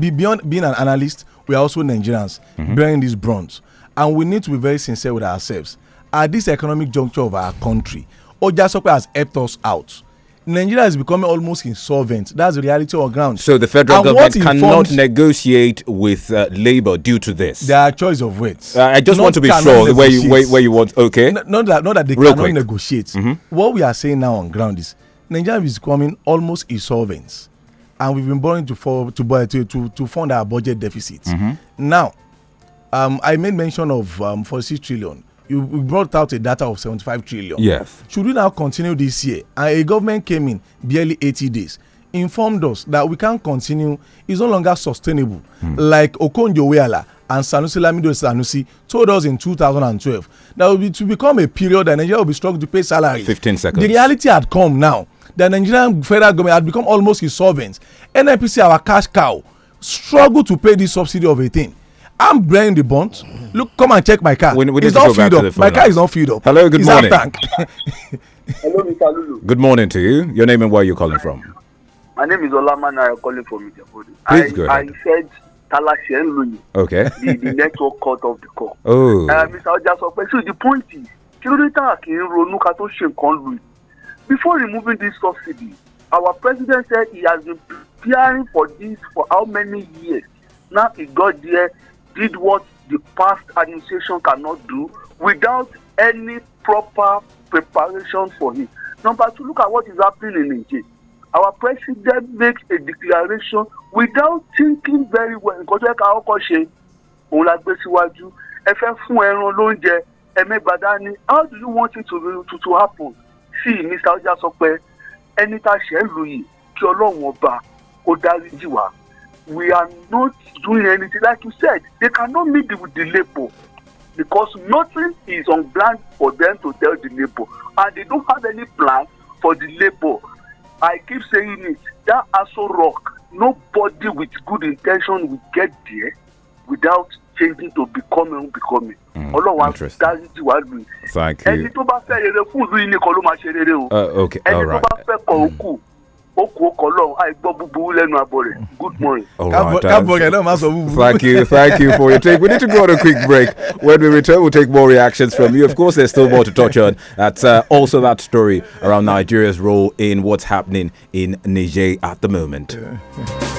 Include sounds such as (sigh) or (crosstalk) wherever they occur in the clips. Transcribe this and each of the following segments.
be beyond being an analyst, we are also Nigerians mm-hmm. bearing this bronze. And we need to be very sincere with ourselves. At this economic juncture of our country, Ojasope has helped us out. Nigeria is becoming almost insolvent. That's the reality on ground. So the federal and government cannot negotiate with uh, labor due to this. There are choice of words. Uh, I just not want to be sure negotiate. where you where, where you want. Okay. N not that not that they Real cannot quick. negotiate. Mm -hmm. What we are saying now on ground is Nigeria is becoming almost insolvent and we've been borrowing to for to buy to, to, to fund our budget deficit. Mm -hmm. Now, um, I made mention of um, 46 trillion. You brought out a data of 75 trillion. Yes. Should we now continue this year? And a government came in barely 80 days, informed us that we can't continue. It's no longer sustainable. Mm. Like Okonjo Weala and Sanusi Lamido Sanusi told us in 2012 that be, to become a period that Nigeria will be struggling to pay salary. 15 seconds. The reality had come now the nigerian federal government had become almost his servants nnpc our cash cow struggle to pay this subsidy of 18. i'm bearing the bond look come and check my car it's not filled up my now. car is not filled up hello good it's morning (laughs) hello mr lulu good morning to you your name and where you're calling from my name is olaman i'm calling from Nigeria. Please I, go ahead. i said Talashi nloyin okay the, the (laughs) network cut of the call oh uh, mr ojasope so the point is kí ló dé tá a kì í ronú ká tó ṣe nǹkan Before removing this subsidy, our president said he has been preparing for this for how many years? Now he got there, did what the past administration cannot do without any proper preparation for him. Number two, look at what is happening in Niger. Our president makes a declaration without thinking very well. Nǹkan tó yẹ ká ọkọ̀ ṣe, òun la gbé síwájú. Ẹ fẹ́ fún ẹran lóúnjẹ, ẹ mẹ́gbàá dání. How do you want it to, to, to happen? sí mr ọjà sọ pé ẹni tá a ṣẹ̀ lù yìí kí ọlọ́run ọba kó dáríjì wá we are not doing anything like you said they cannot meet the, the labour because nothing is on ground for them to tell the labour and they don't have any plan for the labour i keep saying it that aso rock nobody with good intention will get there without changing to becoming becoming. ọlọ́wà dáríjì wá lù yìí ẹni tó bá fẹ́ rere fún ìlú yìí nìkan ló máa ṣe rere o uh, ẹni tó bá fẹ́ hmm. kọ̀ àìgbọ́ búburú lẹ́nu àbọ̀ rẹ̀ good morning. rẹ̀ náà máa sọ búburú. thank you thank you for your take we need to go on a quick break when we return we'll take more reactions from you of course there's still more to touch on that's uh, also that story around Nigeria's role in what's happening in Niger at the moment. Yeah.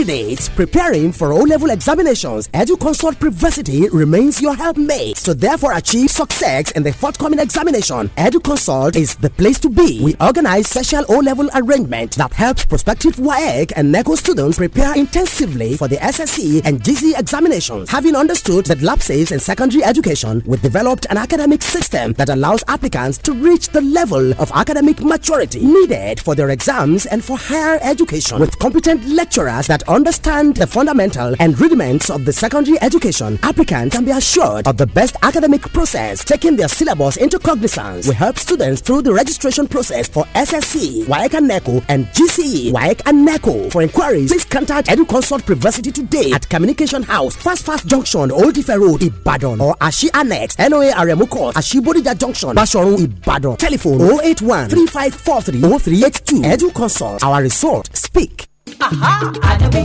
candidates preparing for O-level examinations, EduConsult Privacy remains your helpmate. so therefore achieve success in the forthcoming examination, EduConsult is the place to be. We organize special O-level arrangement that helps prospective WAEC and NECO students prepare intensively for the SSE and GC examinations. Having understood that lapses in secondary education, we developed an academic system that allows applicants to reach the level of academic maturity needed for their exams and for higher education with competent lecturers that understand the fundamental and rudiments of the secondary education, applicants can be assured of the best academic process, taking their syllabus into cognizance. We help students through the registration process for SSC, WAEC and NECO, and GCE, WAEC and NECO. For inquiries, please contact EduConsult Privacy today at Communication House, Fast Fast Junction, Old Ife Road, Ibadan, or Ashi Annex, NOA Aremu Court, Ashibodija Junction, Bashorun, Ibadan. Telephone 081 3543 0382. EduConsult, our resort. Speak. àjẹbí àjẹbí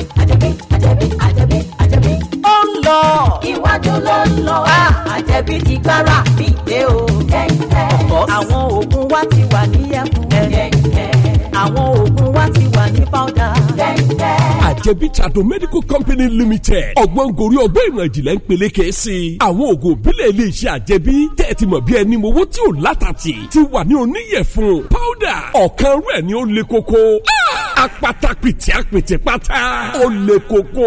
àjẹbí àjẹbí àjẹbí ó ń lọ. iwájú ló ń lọ. àjẹbí ah, ti gbára mi dé o. ọ̀pọ̀ àwọn oògùn wa ti wà ní ẹ̀kún. àwọn oògùn wa ti wà ní pọ́dà àjẹbí trado medical company limited ọgbọ́n gorí ọgbọ́n ìmọ̀ ìjìnlẹ̀ ń peléke sí i àwọn oògùn òbílẹ̀ ilé iṣẹ́ àjẹbí tẹ̀ ti mọ̀ bí ẹni mowó tí ò látàtì ti wà ní oníyẹ̀fun powder ọ̀kan rẹ̀ ni ó le koko ah! apata pìtì apìtì pata ó le koko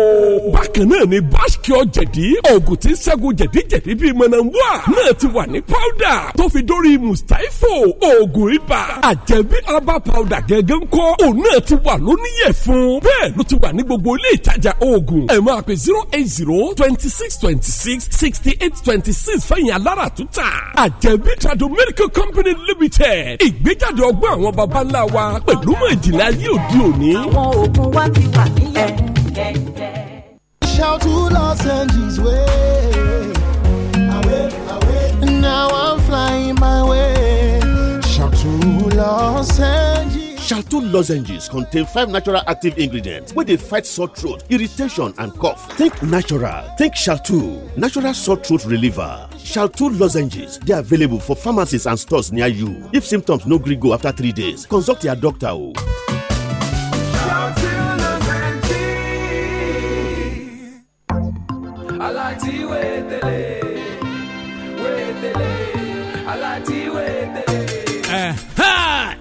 bákan náà ni báṣkì ọ̀jẹ̀dí oògùn tí ń ṣẹ́gun jẹ̀díjẹ̀dí bíi mọ̀nàmúà náà ti wà ní powder tó fi dórí mustapho oògùn ibà àjẹbí herbal powder gẹ́gẹ́ ń kọ́ òun náà ti wà lóníyẹ̀fun bẹ́ẹ̀ ló ti wà wà ní gbogbo ilé ìtajà oògùn ẹ máa pè zero eight zero twenty six twenty six sixty eight twenty six fẹ̀yìn alára tuta àjẹbí trado medical company limited ìgbéjáde ọgbọ́n àwọn baba ńlá wa pẹ̀lú mọ̀ ìjìnlẹ̀ ayé òde òní. àwọn oògùn wa ti wà nílẹ̀ shout to Los Angeles way. Away, away. Now I'm flying my way. Shout to Los Angeles. Shalto lozenges contain five natural active ingredients wey dey fight sore throat, irritation and cough. Think natural, think Shalto, natural sore throat reliever. Shalto lozenges dey available for pharmacies and stores near you. If symptoms no gree go after three days, consult your doctor o. aláàtìwé tẹ̀lé.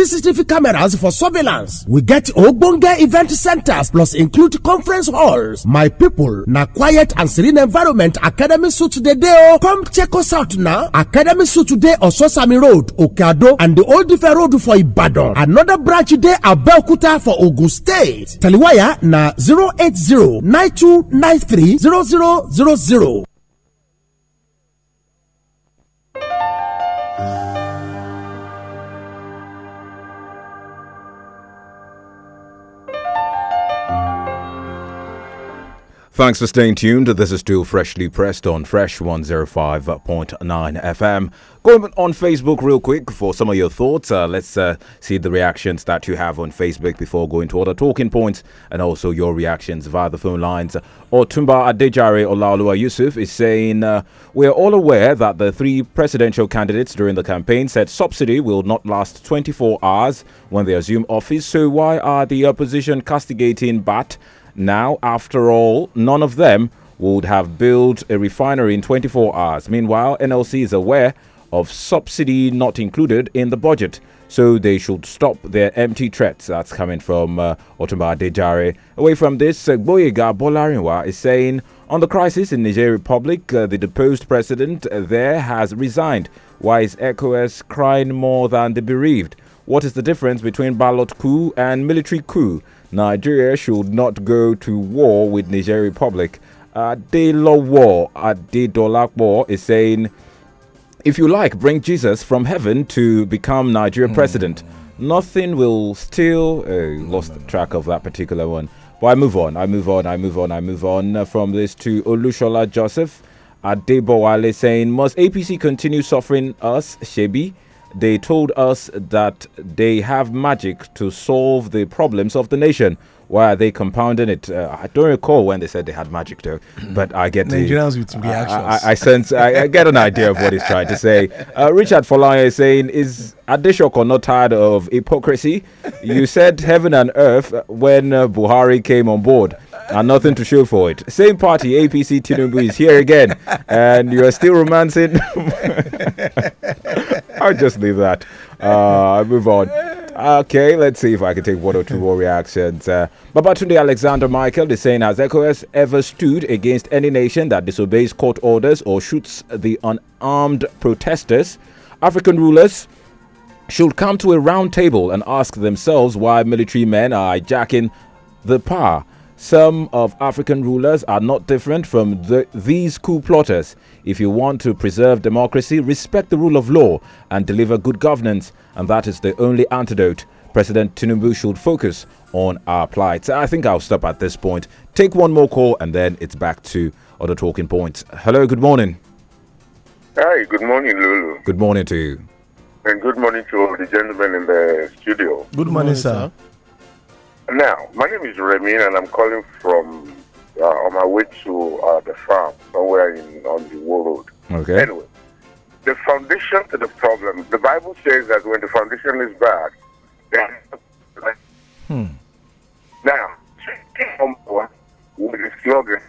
CCTV cameras for surveillance. We get ogbonge event centers plus include conference halls. My people, na quiet and serene environment Academy Suit dey dey Come check us out now. Academy Suit today on Sosami Road, Okeado and the Old Ife Road for Ibadan. Another branch at Belkuta for Ogun State. Taliwaya na 080 9293 0000. Thanks for staying tuned. This is still freshly pressed on Fresh 105.9 FM. Going on Facebook real quick for some of your thoughts. Uh, let's uh, see the reactions that you have on Facebook before going to other talking points and also your reactions via the phone lines. Or Tumba Adejare Olalua Yusuf is saying, uh, We are all aware that the three presidential candidates during the campaign said subsidy will not last 24 hours when they assume office. So why are the opposition castigating BAT? Now, after all, none of them would have built a refinery in 24 hours. Meanwhile, NLC is aware of subsidy not included in the budget. So they should stop their empty threats. That's coming from uh, Otumba Dejare. Away from this, uh, Boyega Bolarinwa is saying on the crisis in Niger Republic, uh, the deposed president uh, there has resigned. Why is ECOS crying more than the bereaved? What is the difference between ballot coup and military coup? Nigeria should not go to war with Niger Republic. Adelowo Adedolapo is saying, if you like, bring Jesus from heaven to become Nigerian mm. president. Nothing will still. Uh, lost track of that particular one. But I move on, I move on, I move on, I move on uh, from this to Olushola Joseph Adebowale saying, Must APC continue suffering us, Shebi? They told us that they have magic to solve the problems of the nation. Why are they compounding it? Uh, I don't recall when they said they had magic though, mm. but I get Nigerians with reactions. I, I, I sense I, I, get an idea of what he's trying to say. Uh, Richard Folaya is saying, "Is Adeshoko not tired of hypocrisy? You said heaven and earth when uh, Buhari came on board." and nothing to show for it. Same party, APC Tinubu is here again, and you are still romancing (laughs) (laughs) I'll just leave that. Uh, i move on. Okay, let's see if I can take one or two more reactions. Uh, Babatunde Alexander Michael is saying, Has echoes ever stood against any nation that disobeys court orders or shoots the unarmed protesters? African rulers should come to a round table and ask themselves why military men are hijacking the power. Some of African rulers are not different from the, these coup plotters. If you want to preserve democracy, respect the rule of law and deliver good governance, and that is the only antidote. President Tinubu should focus on our plight. I think I'll stop at this point. Take one more call, and then it's back to other talking points. Hello, good morning. Hi, good morning, Lulu. Good morning to you. And good morning to all the gentlemen in the studio. Good morning, good morning sir. sir. Now, my name is Remin, and I'm calling from uh, on my way to uh, the farm somewhere in on the world. Okay. Anyway, the foundation to the problem. The Bible says that when the foundation is bad, then hmm. now with the slogan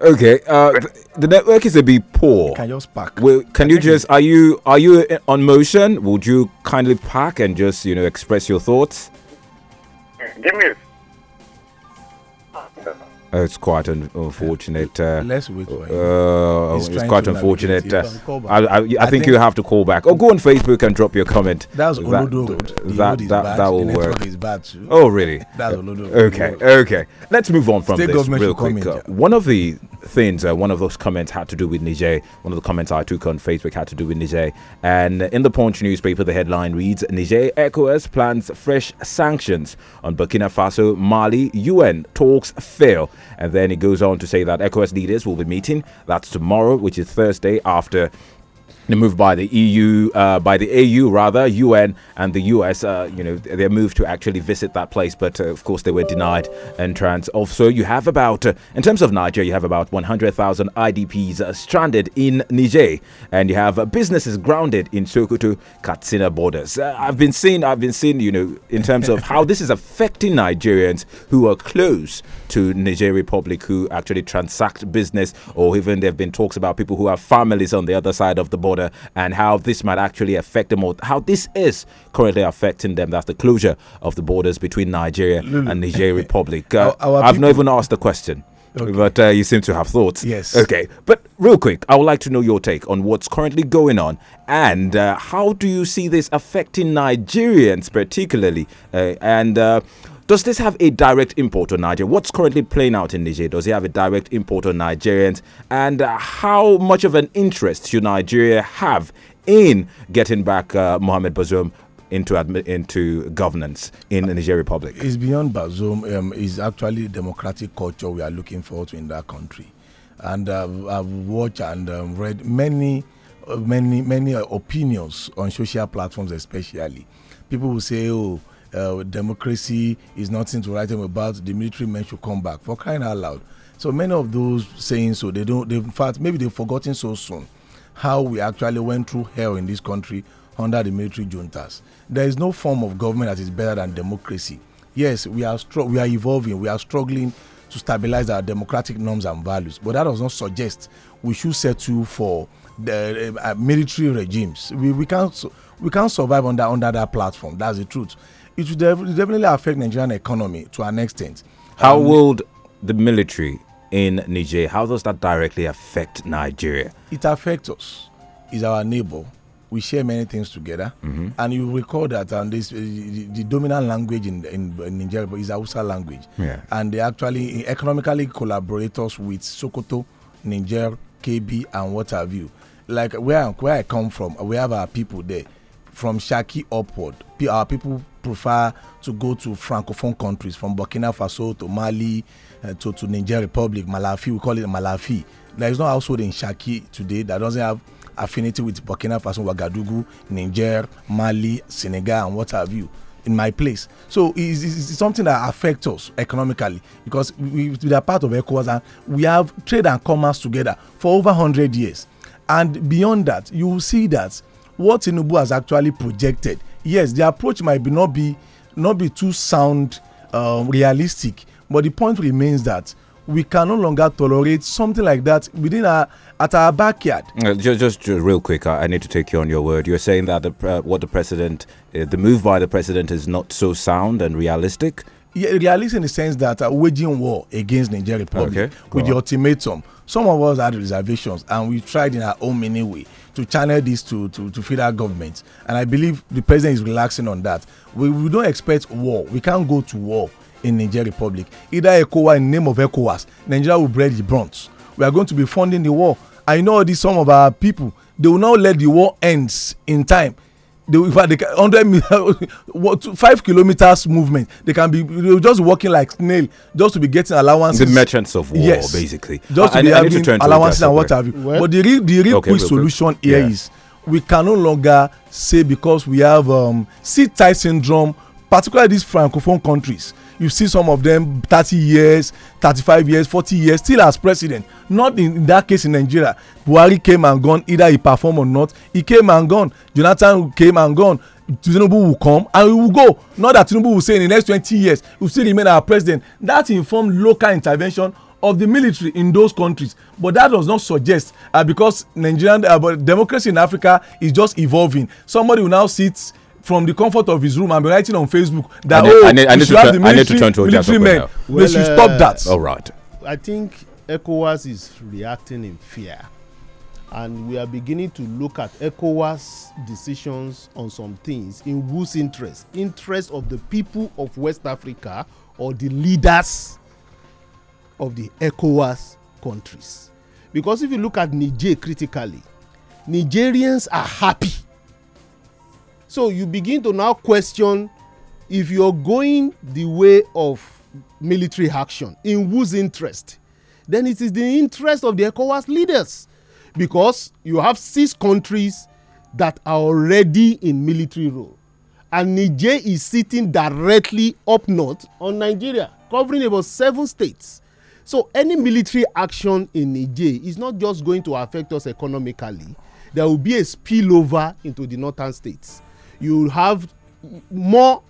Okay. Uh, the network is a bit poor. Can you park? Well, can you just are you are you on motion? Would you kindly park and just you know express your thoughts? Give me uh, it's quite un- unfortunate. Uh, Let's wait for him. Uh, it's quite unfortunate. Uh, I, I, I, think I, think you have to call back or oh, go on Facebook and drop your comment. That's that, Olodo. That, that, that, that, will work. Oh, really? That's Olodo. Okay, okay. Let's move on from State this real quick. Uh, one of the things, uh, one of those comments had to do with Niger. One of the comments I took on Facebook had to do with Niger. And in the Punch newspaper, the headline reads Niger ECOWAS plans fresh sanctions on Burkina Faso, Mali, UN talks fail. And then it goes on to say that ECOWAS leaders will be meeting. That's tomorrow, which is Thursday after moved by the EU, uh, by the AU rather, UN and the US. Uh, you know, their move to actually visit that place, but uh, of course they were denied entrance. Also, you have about, uh, in terms of Niger, you have about 100,000 IDPs uh, stranded in Niger, and you have uh, businesses grounded in Sokoto Katsina borders. I've been seeing, I've been seeing, you know, in terms of how this is affecting Nigerians who are close to Niger Republic, who actually transact business, or even there have been talks about people who have families on the other side of the border and how this might actually affect them or how this is currently affecting them. That's the closure of the borders between Nigeria and Niger Republic. Uh, our, our I've not even asked the question. Okay. But uh, you seem to have thoughts. Yes. Okay. But real quick, I would like to know your take on what's currently going on and uh, how do you see this affecting Nigerians particularly? Uh, and uh, does this have a direct import on Nigeria? What's currently playing out in Niger? Does it have a direct import on Nigerians? And uh, how much of an interest should Nigeria have in getting back uh, Mohamed Bazoum into into governance in the Niger Republic? It's beyond Bazoum. Um, it's actually democratic culture we are looking forward to in that country. And uh, I've watched and um, read many, uh, many, many uh, opinions on social platforms, especially. People will say, "Oh, uh, democracy is nothing to write them about. The military men should come back for crying out loud. So many of those saying so they don't. They, in fact, maybe they've forgotten so soon how we actually went through hell in this country under the military juntas. There is no form of government that is better than democracy. Yes, we are we are evolving. We are struggling to stabilize our democratic norms and values, but that does not suggest we should settle for the uh, military regimes. We, we can't we can't survive under under that platform. That's the truth it will definitely affect Nigerian economy to an extent. How um, will the military in Niger, how does that directly affect Nigeria? It affects us. It's our neighbor. We share many things together. Mm -hmm. And you recall that um, this, uh, the, the, dominant language in, in, in Nigeria is Hausa language. Yeah. And they actually eh, economically collaborate with Sokoto, Niger, KB, and what have you. Like where, where I come from, we have our people there. From Shaki upward, our people prefer to go to francophone countries from Burkina Faso to Mali uh, to, to Niger Republic, Malafi, we call it Malafi. There is no household in Shaki today that doesn't have affinity with Burkina Faso, Ouagadougou, Niger, Mali, Senegal, and what have you in my place. So it's, it's, something that affects us economically because we, we are part of ECOWAS and we have trade and commerce together for over 100 years. And beyond that, you will see that what Tinubu has actually projected yes the approach might be not be not be too sound um, realistic but the point remains that we can no longer tolerate something like that within our at our backyard. Uh, just, just, just, real quick, I, I, need to take you on your word. You're saying that the, uh, what the president, uh, the move by the president, is not so sound and realistic. Yeah, realistic in the sense that uh, waging war against Nigeria Republic okay, with on. the ultimatum some of us had reservations and we tried in our own mini way to channel this to to to federal government and i believe the president is relaxing on that we we don't expect war we can't go to war in niger republic either ecowas in name of ecowas nigeria will bear the brunt we are going to be funding the war i know all this some of our people they will not let the war end in time they will they can, (laughs) 5 kilometers movement they can be just walking like snail just to be getting allowances the merchants of war yes. basically just I, to be I having to allowances and what have you but the real the real okay, quick solution quick. here yeah. is we can no longer say because we have um, seat tight syndrome particularly these francophone countries you see some of them thirty years thirty-five years forty years still as president not in, in that case in nigeria buhari came and gone either he perform or not he came and gone jonathan came and gone tinubu will come and we will go not that tinubu will say in the next twenty years we still remain our president that inform local intervention of the military in those countries but that does not suggest uh, because nigerian uh, democracy in africa is just evolving somebody will now sit from the comfort of his room and be writing on Facebook that need, oh, need, should have the military, to military men. Well, they should uh, stop that. Uh, All right. I think ECOWAS is reacting in fear, and we are beginning to look at ECOWAS decisions on some things in whose interest, interest of the people of West Africa or the leaders of the ECOWAS countries. Because if you look at Niger critically, Nigerians are happy so you begin to now question if you're going the way of military action in whose interest then it is the interest of the ecowas leaders because you have six countries that are already in military role and niger is sitting directly up north on nigeria covering about seven states so any military action in niger is not just going to affect us economically there will be a spillover into the northern states you have more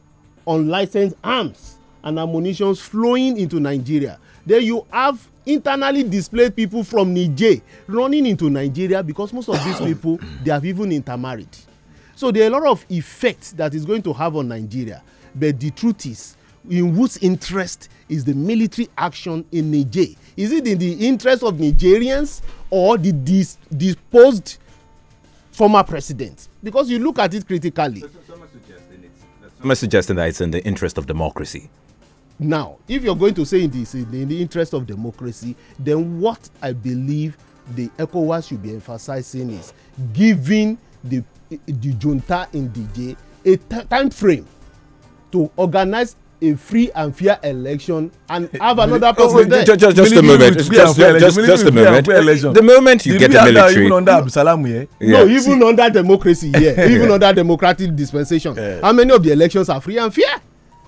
unlicensed arms and ammunition flowing into nigeria then you have internally displaced people from niger running into nigeria because most of these (coughs) people they have even intermarried so there are a lot of effects that is going to have on nigeria but the truth is in whose interest is the military action in niger is it in the interest of nigerians or the dis disposed former president because you look at it critically. Am I suggesting, that it's in the interest of democracy. Now, if you're going to say in the, in the interest of democracy, then what I believe the ECOWAS should be emphasizing is giving the the junta in DJ a time frame to organize a free and fair election and (laughs) have another person there. Just, just, just a moment. Just, just, just, a moment. The moment you get the military. Even under Abdulsalam, yeah? No, even under democracy, (laughs) yeah. even under democratic dispensation. How many of the elections are free and fair?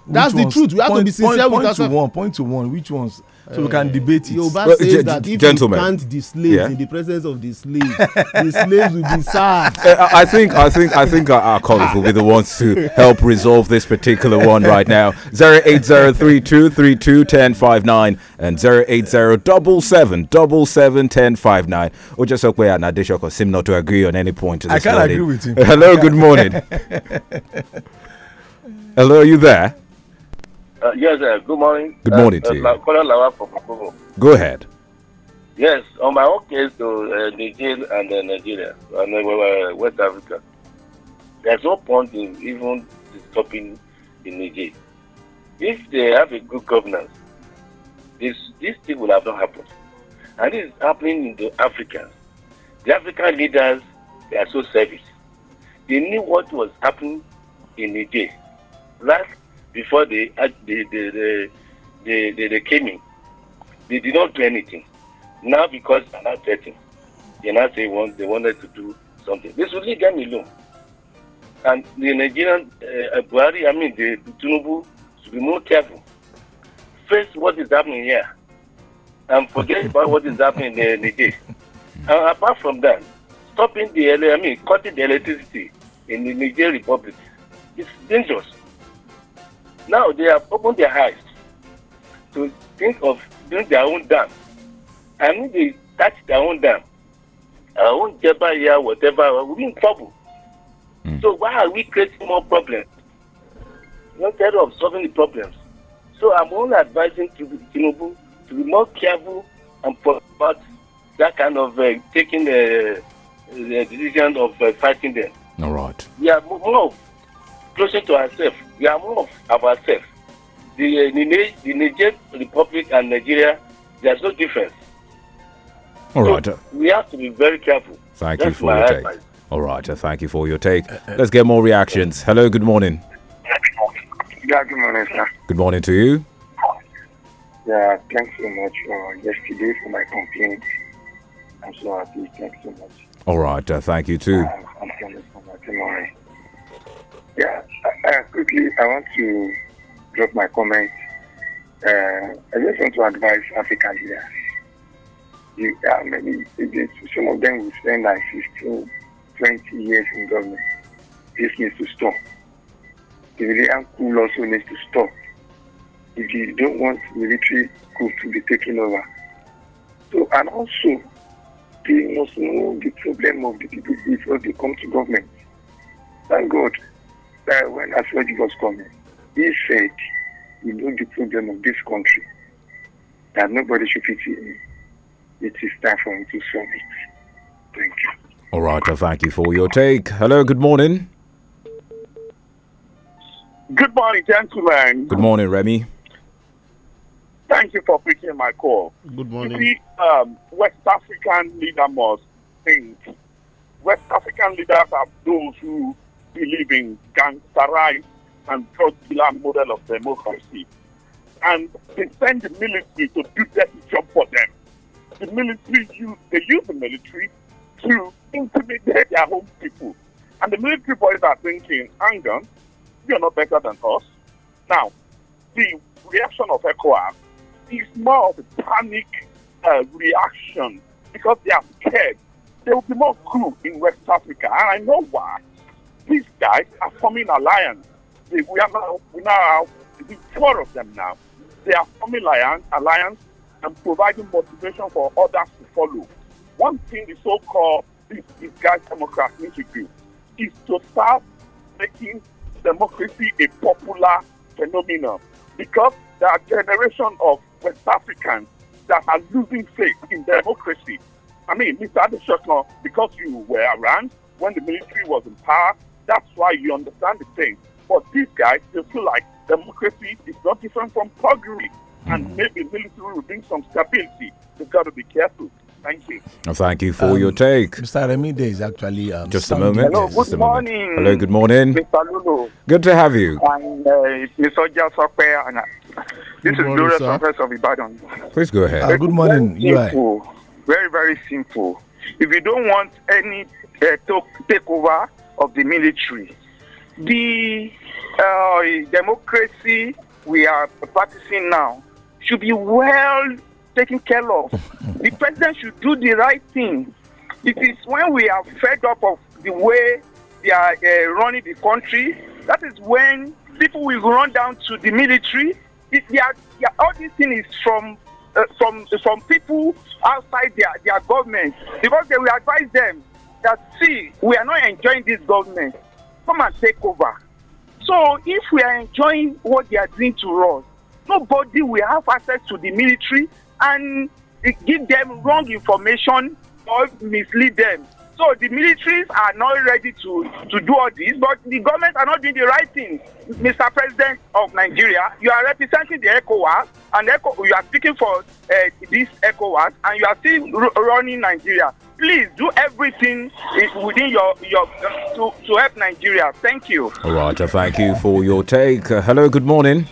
That's the truth. We have to be sincere with ourselves. Point to one. Point to one. Which ones? so we can debate it. Yoruba says that if gentlemen. you can the slaves yeah. in the presence of the slaves, the slaves will be sad. (laughs) Uh, I think I think I think our, colleagues will be the ones to help resolve this particular one right now. Zero eight zero three two three two ten five nine and zero eight zero double seven double seven ten five nine. Or just okay and Adeshoko seem not to agree on any point. I can't morning. agree with him. Hello, good morning. (laughs) Hello, are you there? Uh, yes, uh, good morning. Good uh, morning uh, to you. Lawa Go ahead. Yes, on my own case to Niger and Nigeria and West Africa, there's no point in even stopping in Niger. If they have a good governance, this this thing will have not happened. And this is happening in the Africans. The African leaders they are so selfish. They knew what was happening in Niger last before they uh, they they, they, they, they, they came in. They did not do anything. Now because they're not threatening, they now say want, they wanted to do something. They should leave them alone. And the Nigerian uh, uh Buhari, I mean the, the Tinubu, should be more careful. Face what is happening here, and forget about what is happening in Nigeria. And apart from that, stopping the I mean cutting the electricity in the Niger Republic is dangerous. Now they have opened their eyes to think of doing their own dam. I mean, they touch their own dam, won't own Jeba here, whatever, we're in trouble. Mm. So why are we creating more problems? Instead of solving the problems. So I'm only advising Tinubu to be more careful and about that kind of uh, taking the, uh, the uh, decision of uh, fighting them. All right. We are more closer to ourselves we are more of ourselves. The, uh, the, the Niger Republic and Nigeria, there's no difference. All right. so we have to be very careful. Thank That's you for your advice. take. All right. Uh, thank you for your take. Let's get more reactions. Hello. Good morning. Yeah, good morning, sir. Good morning to you. Yeah, thanks so much for yesterday for my complaint. I'm so happy. Thanks so much. All right. Uh, thank you too. Uh, I'm, yeah, Uh, quickly, I want to drop my comment. Uh, I just want to advise African leaders. You are many agents, some of them will spend like 15, 20 years in government. This needs to stop. The Nigerian coup also needs to stop. If you don't want military coup to be taken over. So, and also, they must know the problem of the people before they come to government. Thank God uh, when I saw Jesus coming, he said, You know the problem of this country, that nobody should pity me. It is time for me to solve it. Thank you. All right, I thank you for your take. Hello, good morning. Good morning, gentlemen. Good morning, Remy. Thank you for picking my call. Good morning. You see, um, West African leader must think. West African leaders are those who believing gangsterized and drug dealer model of democracy. And they send the military to do that job for them. The military use, they use the military to intimidate their own people. And the military boys are thinking, hang on, you're not better than us. Now, the reaction of ECOWAS is more of a panic uh, reaction because they are scared. They will be more coup in West Africa. And I know why these guys are forming alliance. They, we are now we now have four of them now. They are forming alliance, alliance and providing motivation for others to follow. One thing the so-called these, these guys Democrats need to do is to start making democracy a popular phenomenon because there are generation of West Africans that are losing faith in democracy. I mean, Mr. Adeshokon, because you were around when the military was in power, that's why you understand the thing. But these guys, they feel like democracy is not different from puggery. And mm. maybe military will bring some stability. They've got to be careful. Thank you. thank you for um, your take. Mr. Remide is actually. Um, just a moment. Hello, good morning. Moment. Hello, good morning. Mr. Lulu. Good to have you. And uh, Mr. Jasper. And, uh, this good is Glorious Professor of Ibadan. Please go ahead. Uh, good morning. Very simple. Very, very simple. If you don't want any uh, takeover, of the military. The uh, democracy we are practicing now should be well taken care of. (laughs) the president should do the right thing. It is when we are fed up of the way they are uh, running the country, that is when people will run down to the military. It, they are, they are, all this thing is from uh, from from people outside their, their government because they will advise them that see, we are not enjoying this government. Come and take over. So if we are enjoying what they are doing to us, nobody will have access to the military and give them wrong information or mislead them. So the militaries are not ready to, to do all this, but the government are not doing the right thing. Mr. President of Nigeria, you are representing the ECOWAS, and ECO, you are speaking for uh, this ECOWAS, and you are still running Nigeria please do everything within your your to, to help Nigeria. Thank you. All right, I thank you for your take. Uh, hello, good morning.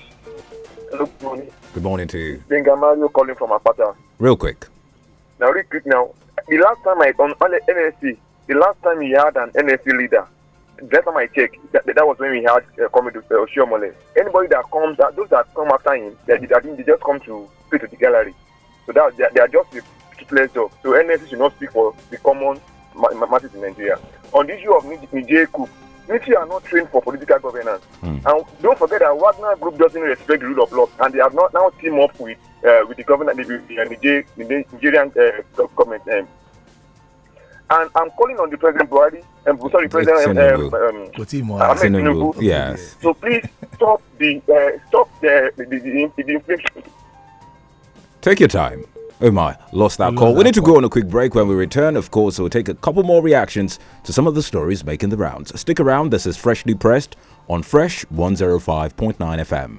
Hello, good morning. Good morning to you. Binga Mario calling from Apata. Real quick. Now, real quick now. The last time I on, on the NSC, the last time we had an NSC leader, that time I check, that, that was when we had uh, coming to uh, Shiomole. Anybody that comes, that, those that come after him, they, they, they just come to speak to the gallery. So that they, they are just particular So NSC should not speak for the common masses in Nigeria. On the issue of nigeria coup, military are not trained for political governance. Mm. And don't forget that Wagner Group doesn't respect the rule of law, and they have not now team up with uh, with the government, the, the, uh, the, Nigerian uh, government. Um, and I'm calling on the President Buhari, and um, sorry, President um, um, um, Tinubu. Yes. So please stop the uh, stop the, the, the, the inflation. Take your time. Oh my, lost that call. That we need to go on a quick break. When we return, of course, we'll take a couple more reactions to some of the stories making the rounds. Stick around. This is Freshly Pressed on Fresh 105.9 FM.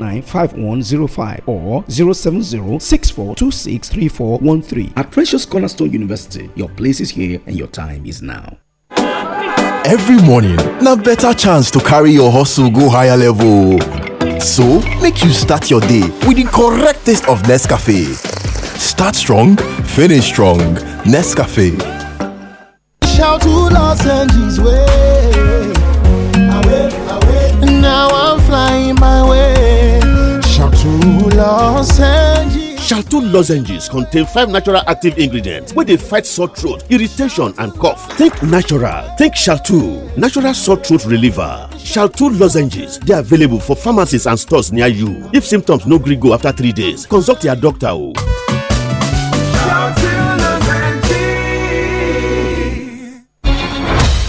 095105 or 070 At Precious Cornerstone University, your place is here and your time is now. Every morning, now better chance to carry your hustle go higher level. So, make you start your day with the correct taste of Nescafe. Start strong, finish strong. Nescafe. Shout to Los Angeles way. I wait. Now I'm flying my way. lozenges. Shalto lozenges contain five natural active ingredients wey dey fight sore throat, irritation and cough. Think natural, think Shalto, natural sore throat reliever. Shalto lozenges dey available for pharmacies and stores near you. If symptoms no gree go after three days, consult your doctor o.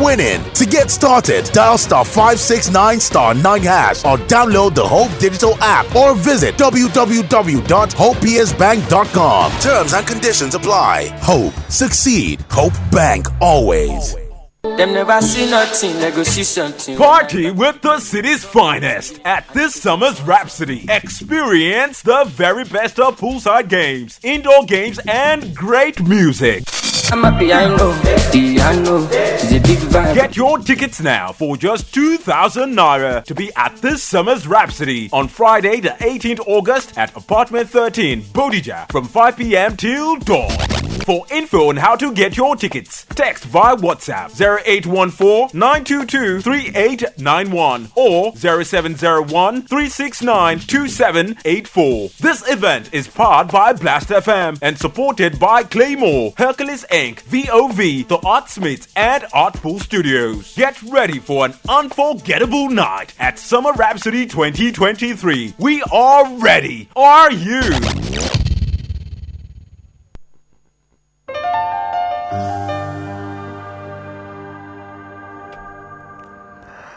winning. To get started, dial star 569 star 9 hash or download the Hope Digital app or visit www.hopepsbank.com. Terms and conditions apply. Hope, succeed. Hope Bank always. always. Them never see nothing, they something. Party with the city's finest at this summer's Rhapsody. Experience the very best of poolside games, indoor games, and great music. I'm a piano, piano, a big vibe. Get your tickets now for just 2,000 naira to be at this summer's Rhapsody on Friday, the 18th August at apartment 13, Bodija from 5 pm till dawn. For info on how to get your tickets, text via WhatsApp 0814 922 3891 or 0701 369 2784. This event is powered by Blast FM and supported by Claymore, Hercules Inc., VOV, The Artsmiths, and Artpool Studios. Get ready for an unforgettable night at Summer Rhapsody 2023. We are ready. Are you?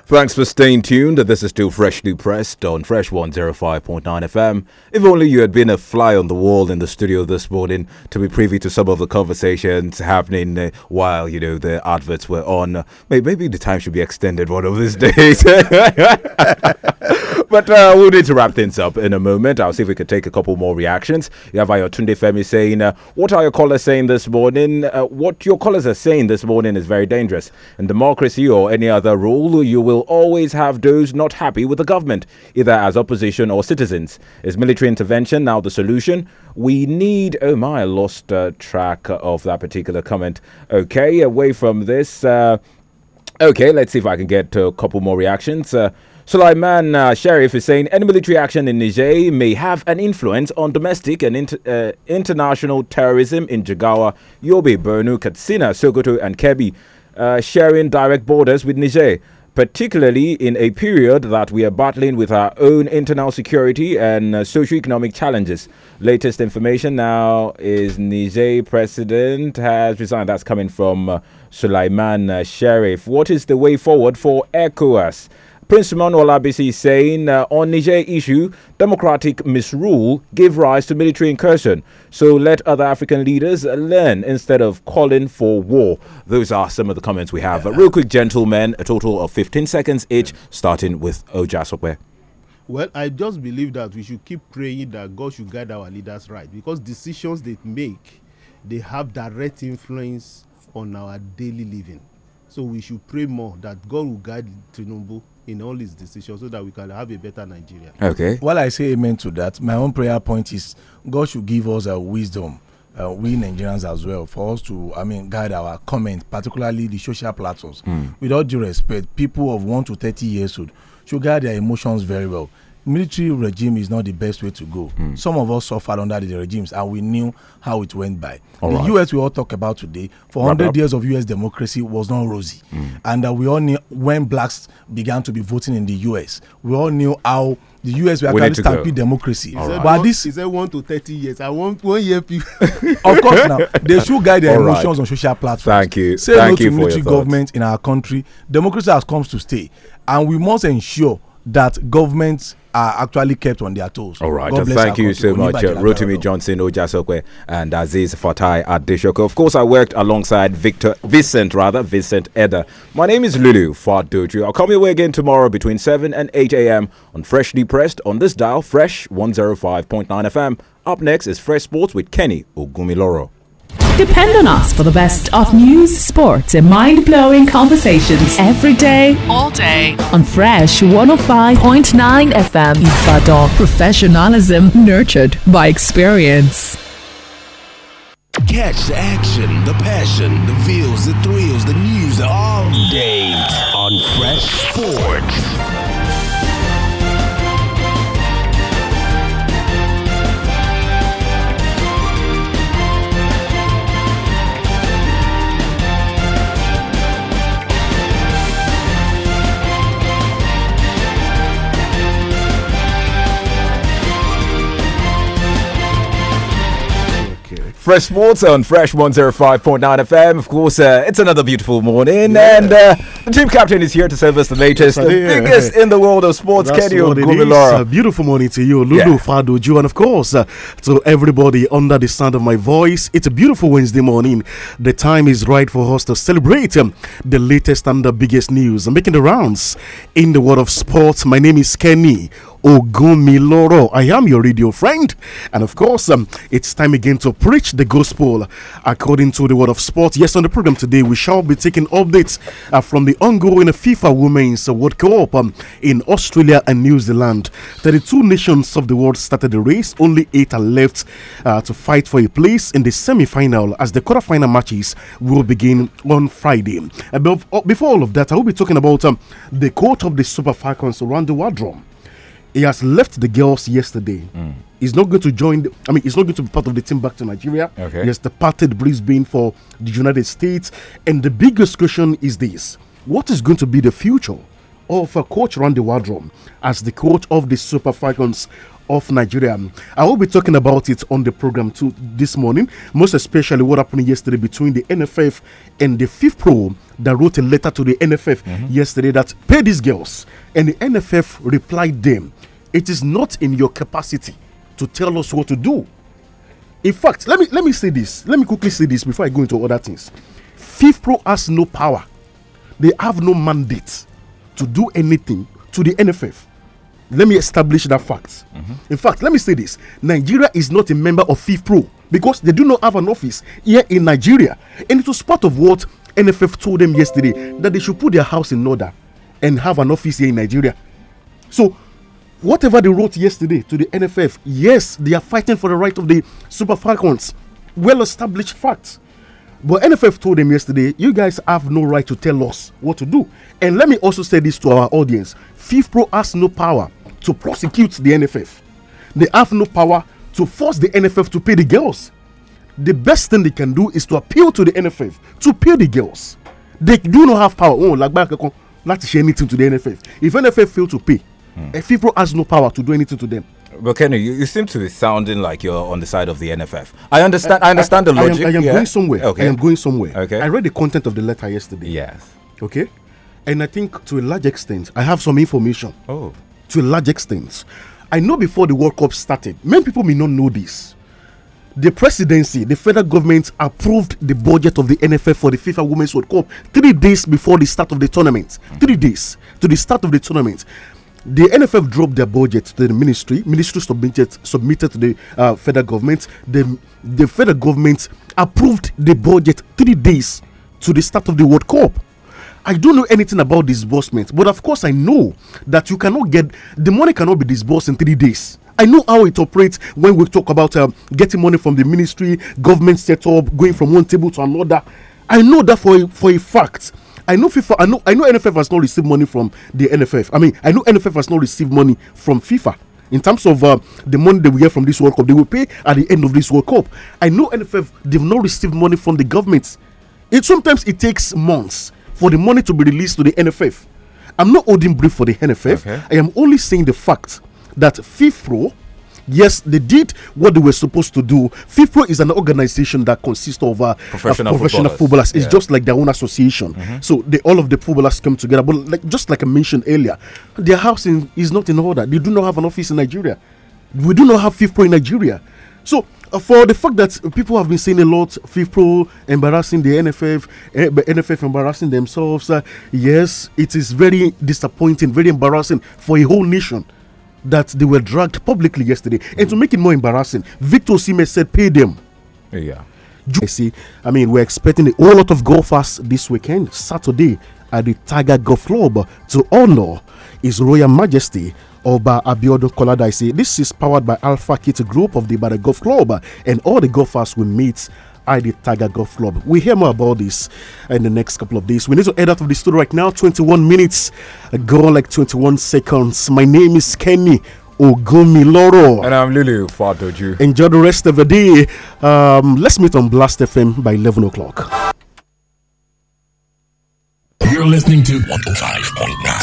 Thanks for staying tuned. This is still freshly pressed on Fresh 105.9 FM. If only you had been a fly on the wall in the studio this morning to be privy to some of the conversations happening uh, while, you know, the adverts were on. Maybe the time should be extended one of these (laughs) days. (laughs) but uh, we'll need to wrap things up in a moment. I'll see if we can take a couple more reactions. You have Ayotunde Femi saying, uh, What are your callers saying this morning? Uh, what your callers are saying this morning is very dangerous. In democracy or any other rule, you will will always have those not happy with the government, either as opposition or citizens. Is military intervention now the solution? We need. Oh my, I lost uh, track of that particular comment. Okay, away from this. Uh, okay, let's see if I can get a couple more reactions. Uh, Sulaiman uh, Sharif is saying any military action in Niger may have an influence on domestic and inter, uh, international terrorism in Jigawa, Yobe, Borno, Katsina, Sokoto, and Kebi, uh, sharing direct borders with Niger particularly in a period that we are battling with our own internal security and uh, socio-economic challenges. Latest information now is Niger president has resigned. That's coming from uh, Sulaiman uh, What is the way forward for ECOWAS? Prince Pinsman is saying uh, on Niger issue, democratic misrule gave rise to military incursion. So let other African leaders learn instead of calling for war. Those are some of the comments we have. Yeah. Real quick, gentlemen, a total of 15 seconds each, starting with Ojasokwe. Well, I just believe that we should keep praying that God should guide our leaders right because decisions they make, they have direct influence on our daily living. So we should pray more that God will guide Tinubu in all his decisions so that we can have a better Nigeria. Okay. While I say amen to that, my own prayer point is God should give us a uh, wisdom. Uh, we Nigerians as well for us to I mean guide our comment, particularly the social platforms. Mm. With all due respect, people of one to thirty years old should guide their emotions very well military regime is not the best way to go. Mm. Some of us suffered under the regimes and we knew how it went by. All the right. US we all talk about today, for 100 years of US democracy was not rosy. Mm. And uh, we all knew when blacks began to be voting in the US, we all knew how the US were we actually stampede democracy. But this is a one to thirty years. I want one year people. (laughs) of course, now (laughs) they should guide their All emotions right. on social platforms. Thank you. Say Thank no you to military government in our country. Democracy has come to stay, and we must ensure that governments are actually kept on their toes. All right, thank you so much, uh, Rotimi Johnson Ojasokwe and Aziz Fatai Adeshoko. Of course, I worked alongside Victor Vincent, rather Vincent Eder. My name is Lulu Fadoju. I'll come your way again tomorrow between 7 and 8 a.m. on Freshly Pressed on this dial, Fresh 105.9 FM. Up next is Fresh Sports with Kenny Ogumiloro. Depend on us for the best of news, sports, and mind blowing conversations every day, all day on Fresh 105.9 FM. Ifadon. Professionalism nurtured by experience. Catch the action, the passion, the feels, the thrills, the news all day on Fresh Sports. Fresh Sports on Fresh 105.9 FM. Of course, uh, it's another beautiful morning, yeah. and uh, the team captain is here to serve us the latest, yes, the biggest in the world of sports, Kenny Ogumilara. beautiful morning to you, Lulu yeah. Fadoju, and of course, uh, to everybody under the sound of my voice. It's a beautiful Wednesday morning. The time is right for us to celebrate um, the latest and the biggest news. I'm making the rounds in the world of sports. My name is Kenny Ogumiloro. I am your radio friend. And of course, um, it's time again to preach the gospel according to the word of sport. Yes, on the program today, we shall be taking updates uh, from the ongoing FIFA Women's World Cup um, in Australia and New Zealand. 32 nations of the world started the race. Only eight are left uh, to fight for a place in the semi final as the quarterfinal matches will begin on Friday. Uh, before all of that, I will be talking about um, the court of the Super Falcons around the world he has left the girls yesterday. Mm. He's not going to join. The, I mean, he's not going to be part of the team back to Nigeria. Okay. He has departed Brisbane for the United States. And the biggest question is this: What is going to be the future of a coach Randy Wardrum as the coach of the Super Falcons? Of Nigeria, I will be talking about it on the program too this morning. Most especially what happened yesterday between the NFF and the Fifth Pro that wrote a letter to the NFF mm -hmm. yesterday that pay these girls, and the NFF replied them it is not in your capacity to tell us what to do. In fact, let me let me say this. Let me quickly say this before I go into other things. FIFPRO has no power. They have no mandate to do anything to the NFF. Let me establish that fact. Mm -hmm. In fact, let me say this: Nigeria is not a member of FIFPRO because they do not have an office here in Nigeria, and it was part of what NFF told them yesterday that they should put their house in order and have an office here in Nigeria. So whatever they wrote yesterday to the NFF, yes, they are fighting for the right of the Super Falcons. Well established facts. But NFF told them yesterday, you guys have no right to tell us what to do. And let me also say this to our audience FIFPro has no power to prosecute the NFF, they have no power to force the NFF to pay the girls. The best thing they can do is to appeal to the NFF to pay the girls. They do not have power. Oh, like, to share anything to the NFF. If NFF fail to pay, Mm. FIFA has no power to do anything to them. But Kenny, you, you, seem to be sounding like you're on the side of the NFF. I understand. I, I understand I, the logic. I am, I am yeah. going somewhere. Okay. I am going somewhere. Okay. I read the content of the letter yesterday. Yes. Okay. And I think to a large extent, I have some information. Oh. To a large extent, I know before the World Cup started, many people may not know this. The presidency, the federal government approved the budget of the NFF for the FIFA Women's World Cup three days before the start of the tournament. Mm -hmm. Three days to the start of the tournament the NFF dropped their budget to the ministry. Ministry submitted submitted to the uh, federal government. The the federal government approved the budget three days to the start of the World Cup. I don't know anything about disbursement, but of course I know that you cannot get the money cannot be disbursed in three days. I know how it operates when we talk about um, getting money from the ministry, government set up, going from one table to another. I know that for a, for a fact I know FIFA. I know. I know NFF has not received money from the NFF. I mean, I know NFF has not received money from FIFA in terms of uh, the money they will get from this World Cup. They will pay at the end of this World Cup. I know NFF. They've not received money from the government. It sometimes it takes months for the money to be released to the NFF. I'm not holding brief for the NFF. Okay. I am only saying the fact that FIFA Yes, they did what they were supposed to do. FIFA is an organization that consists of uh, professional, uh, professional footballers. footballers. It's just like their own association. Mm -hmm. So they, all of the footballers come together. But like, just like I mentioned earlier, their house in, is not in order. They do not have an office in Nigeria. We do not have FIFA in Nigeria. So uh, for the fact that people have been saying a lot, FIFPro embarrassing the NFF, NFF eh, embarrassing themselves. Uh, yes, it is very disappointing, very embarrassing for a whole nation that they were dragged publicly yesterday. Mm. And to make it more embarrassing, Victor Sime said, pay them. Yeah. I see. I mean, we're expecting a whole lot of golfers this weekend, Saturday, at the Tiger Golf Club to honor His Royal Majesty Oba Abiodun Koladaisi. This is powered by Alpha Kit Group of the Ibadan Golf Club, and all the golfers we meet ID Tiger Golf Club. We hear more about this in the next couple of days. We need to head out of the studio right now. 21 minutes go like 21 seconds. My name is Kenny Ogumiloro. And I'm Lulu Fadoju. Enjoy the rest of the day. Um, let's meet on Blast FM by 11 o'clock. You're listening to 105.9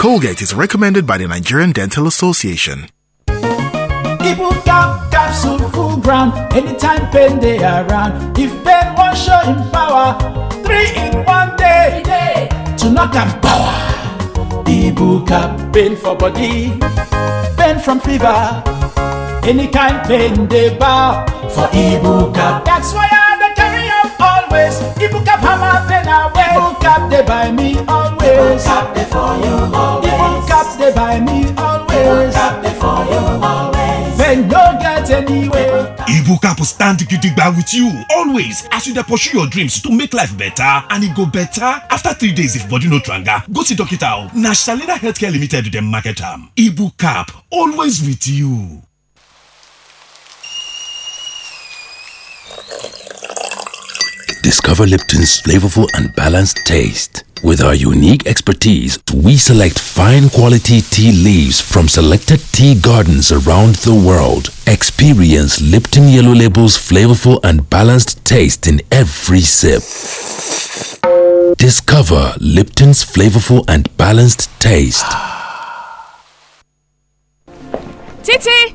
Colgate is recommended by the Nigerian Dental Association. capsule full ground anytime pain around if pain show power three in one day to knock power. pain for body pain from fever any kind pain bow for That's why I always. Ibu cap hammer pen away. Ibu cap they buy me always. Ibu cap they for you always. Ibu cap they buy me always. Ibu cap they for you always. They no get anyway. Ibu cap stand gidigba with you always as you dey pursue your dreams to make life better and e go better after three days if body no tranga go see dokita o na shalina healthcare limited dem market am. Ibu cap always with you. Discover Lipton's flavorful and balanced taste. With our unique expertise, we select fine quality tea leaves from selected tea gardens around the world. Experience Lipton Yellow Label's flavorful and balanced taste in every sip. Discover Lipton's flavorful and balanced taste. Titi!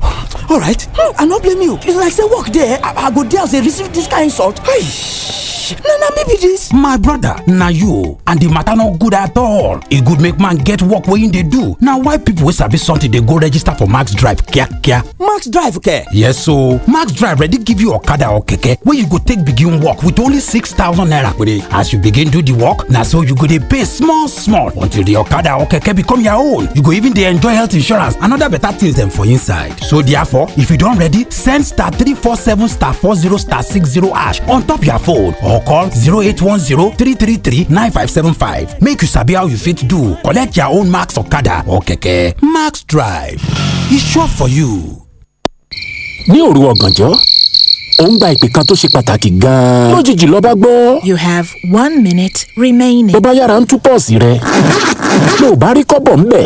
哇。(laughs) All alright i no blame you it's like say work there i go there as a receive dis kain insult Hey, na na me be dis my brother na you and the matter no good at all e good make man get work wey im dey do na why people wey sabi something dey go register for max drive kiakia max drive ke yes o max drive ready give you okada or keke wey you go take begin work with only six thousand naira pere as you begin do the work na so you go dey pay small small until the okada or keke become your own you go even dey enjoy health insurance and other better things dem for inside so therefore sure? If you don't ready, send star three four seven star four zero star six zero ash on top your phone or call zero zero eight one three three three nine five seven five. Make you sabi how you fit do, collect your own Max Okada or keke. Max Drive, e sure for you. Ní òru ọ̀gànjọ́ ó ń gba ìpè kan tó ṣe pàtàkì gan-an. lójijì ló gbọ́. you have one minute remaining. bó bá yára ń tú pọ́ọ̀sì rẹ ló bá rí kọ́bọ̀ ńbẹ̀.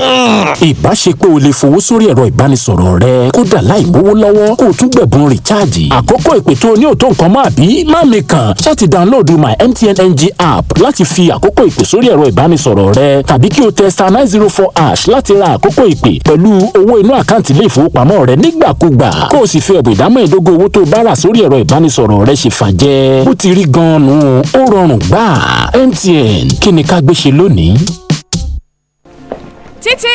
ìbá ṣe pé o lè fowó sórí ẹ̀rọ ìbánisọ̀rọ̀ rẹ kódà láì mówó lọ́wọ́ kó o tún gbẹ̀bùn rìchaàjì. àkókò ìpè tó o ní òtó nǹkan máa bí má mi kàn ṣáàtì dáńlóòdù my MTN NG app láti fi àkókò ìpè sórí ẹ̀rọ ìbánisọ̀rọ̀ rẹ tàbí kí o tẹ star nine zero four ash láti ra àkókò ìpè pẹ̀lú owó inú àkáǹtì ilé ìfowópamọ́ rẹ nígbàkúgbà kó o sì fi ẹ̀bùn ìdámọ̀ ìdógó owó tó o bá rà sórí ẹ̀rọ ìbánisọ̀rọ̀ rẹ ṣe fàjẹ́ bó ti rí gan-an ó rọrùn gbà MTN kí ni ká gbé ṣe lónìí. títí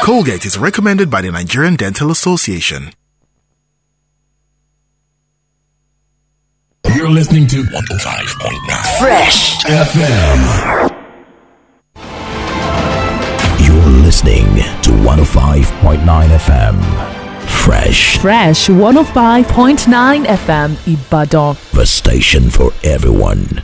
Colgate is recommended by the Nigerian Dental Association. You're listening to 105.9 Fresh FM. You're listening to 105.9 FM. Fresh. Fresh 105.9 FM Ibadan. The station for everyone.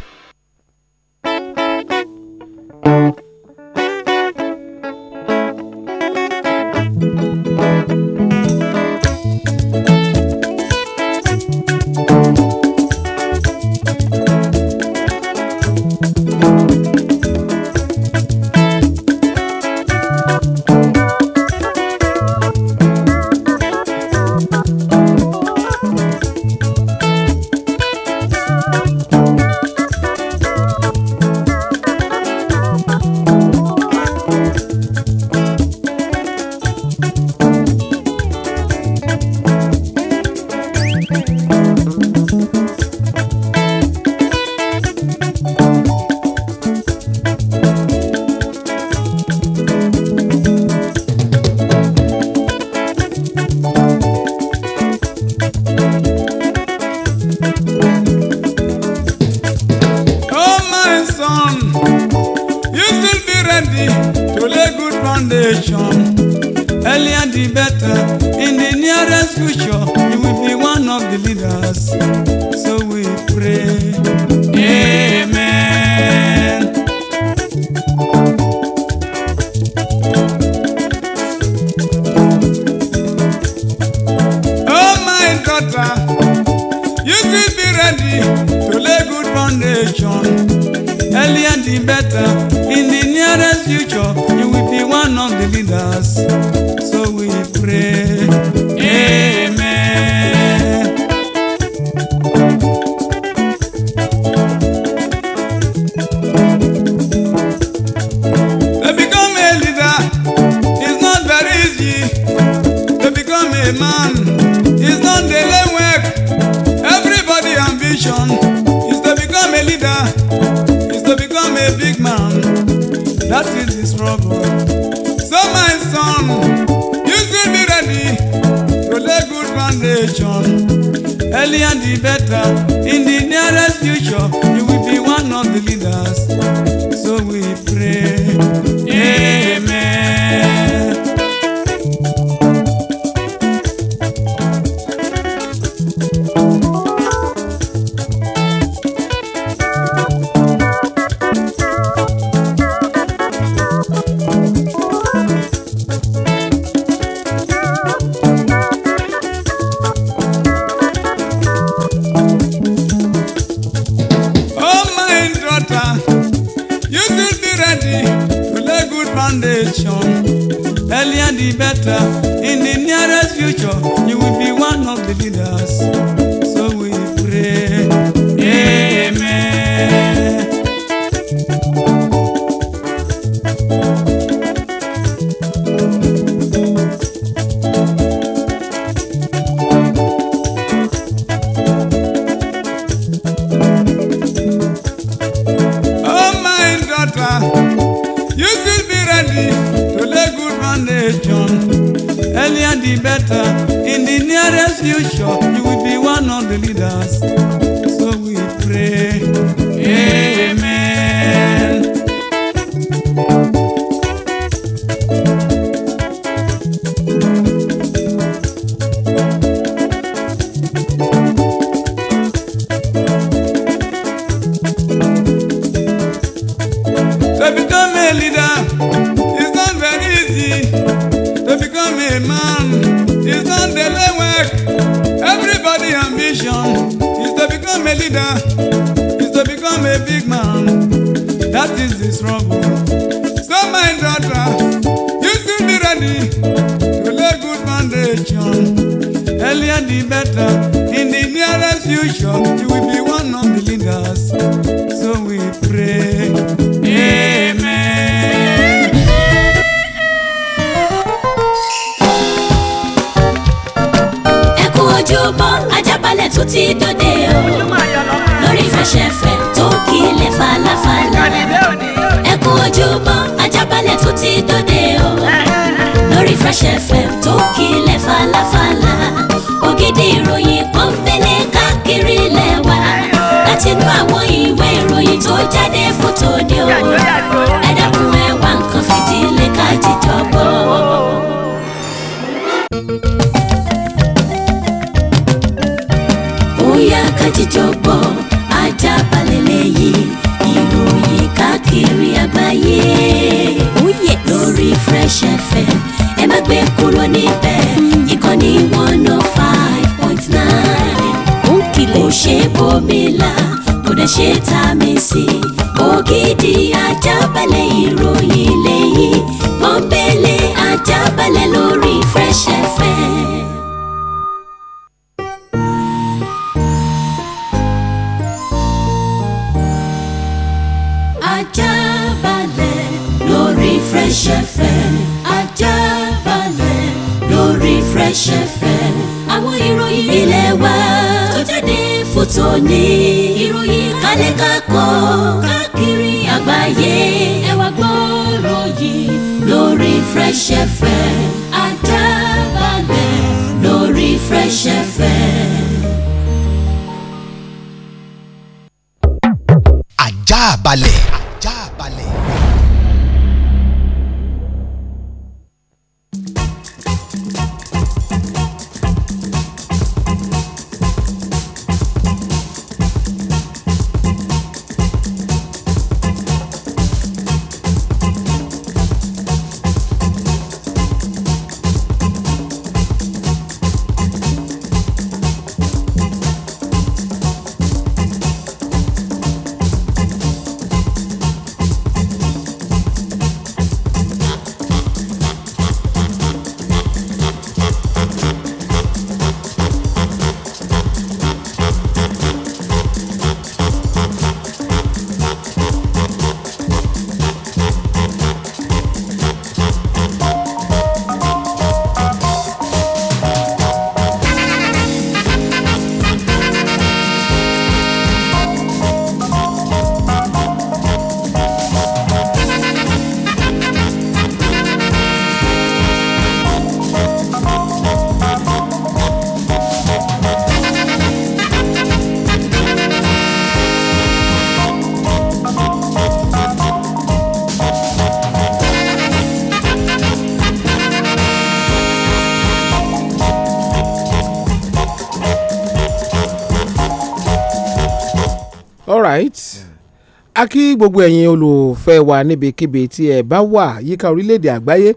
a kí gbogbo ẹ̀yin olùfẹ́ wa níbikíbi tí ẹ bá wà yíká orílẹ̀-èdè àgbáyé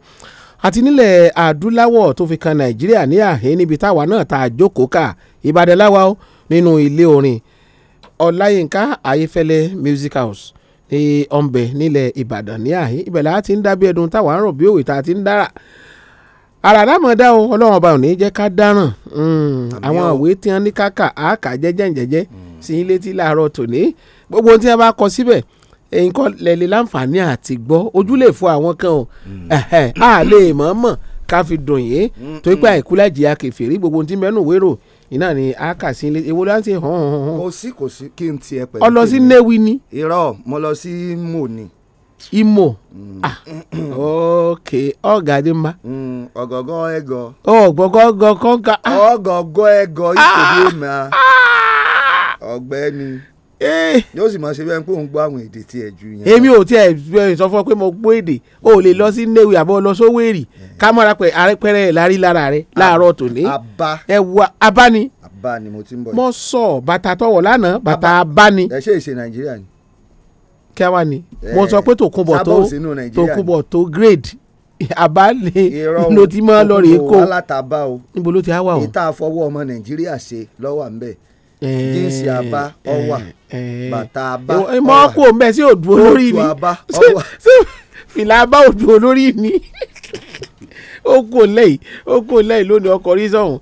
àti nílẹ̀ adúláwọ̀ tó fi kan nàìjíríà ní àhín níbi táwa náà tá a jókòó kà ó nínú ilé orin ọláyínká ayéfẹ́lẹ́ music house ní ọ̀nbẹ nílẹ̀ ìbàdàn ní àhín ibẹ̀ la ti ń dábí ẹdun táwa ń rò bí òwe tá a ti ń dára àràdámọ̀dá o ọlọ́run ọba ò ní jẹ́ ká dáràn hmm, àwọn òwe tí wọ́n ní káka àákà jẹ́jẹ́ jẹ́jẹ́. Mm sí yín létí láàárọ̀ tòní gbogbo ohun tí wọ́n bá kọ síbẹ̀ nǹkan lẹ́lẹ́ láǹfààní àti gbọ́ ojú lè fọ àwọn kan o hmm. a lè mọ̀ mọ̀ ká fi dùn yín tó ipa ìkú lájì akẹfẹ̀rí gbogbo ohun tí mẹ́nu wérò iná ni a kà sí ilé ewo ló ń ṣe hàn hàn hàn. kò sí kò sí kí n tiẹ̀ pẹ̀lú. ọlọ sí Nnewi ni. irọ́ mo lọ sí Imo ni. Imo hmm. ah ok ọ̀gá dé ma. Hmm, ọ̀gọ̀gọ̀ ẹ̀gọ̀. Ah. ọ̀gọ̀gọ̀ ẹ̀gọ̀ kọ́ńkà. ọ̀gọ̀gọ̀ ẹ̀gọ̀ ìkòdó máa. ọgbẹni. Eh. yóò sì máa ṣe bẹ́ẹ̀ pé òun gbọ́ àwọn èdè ti ju yẹn. èmi ò tí sọ fún ọ pé o lè lọ sí Nnewi àbọ̀ lọ sówérì eh. ká mọ́ra pẹ̀ arẹ́pẹ́rẹ́ lárí lára rẹ láàárọ̀ tòní. aba ẹ ni. mo ti ń bọ̀. mọ sọ bàtà tọwọ lánàá bàtà abani ẹ ṣe Nàìjíríà ni. kí a wá ni eh. mo sọ pé tòkunbọ̀ tó tòkunbọ̀ tó grade (laughs) aba ti máa lọ kó níbo ti á wà o. ìta àfọwọ́ ọmọ Nàìjíríà ṣe lọ́wọ́ à jíǹsì àbá ọwà bàtà àbá ọwà ìmọ̀ kò mẹ́ sí òdùn olórí ni (laughs) fìlà àbá òdùn olórí ni (laughs) ó kò lẹ́yìn ó kò lẹ́yìn lónìí ọkọ̀ rí sọ̀hún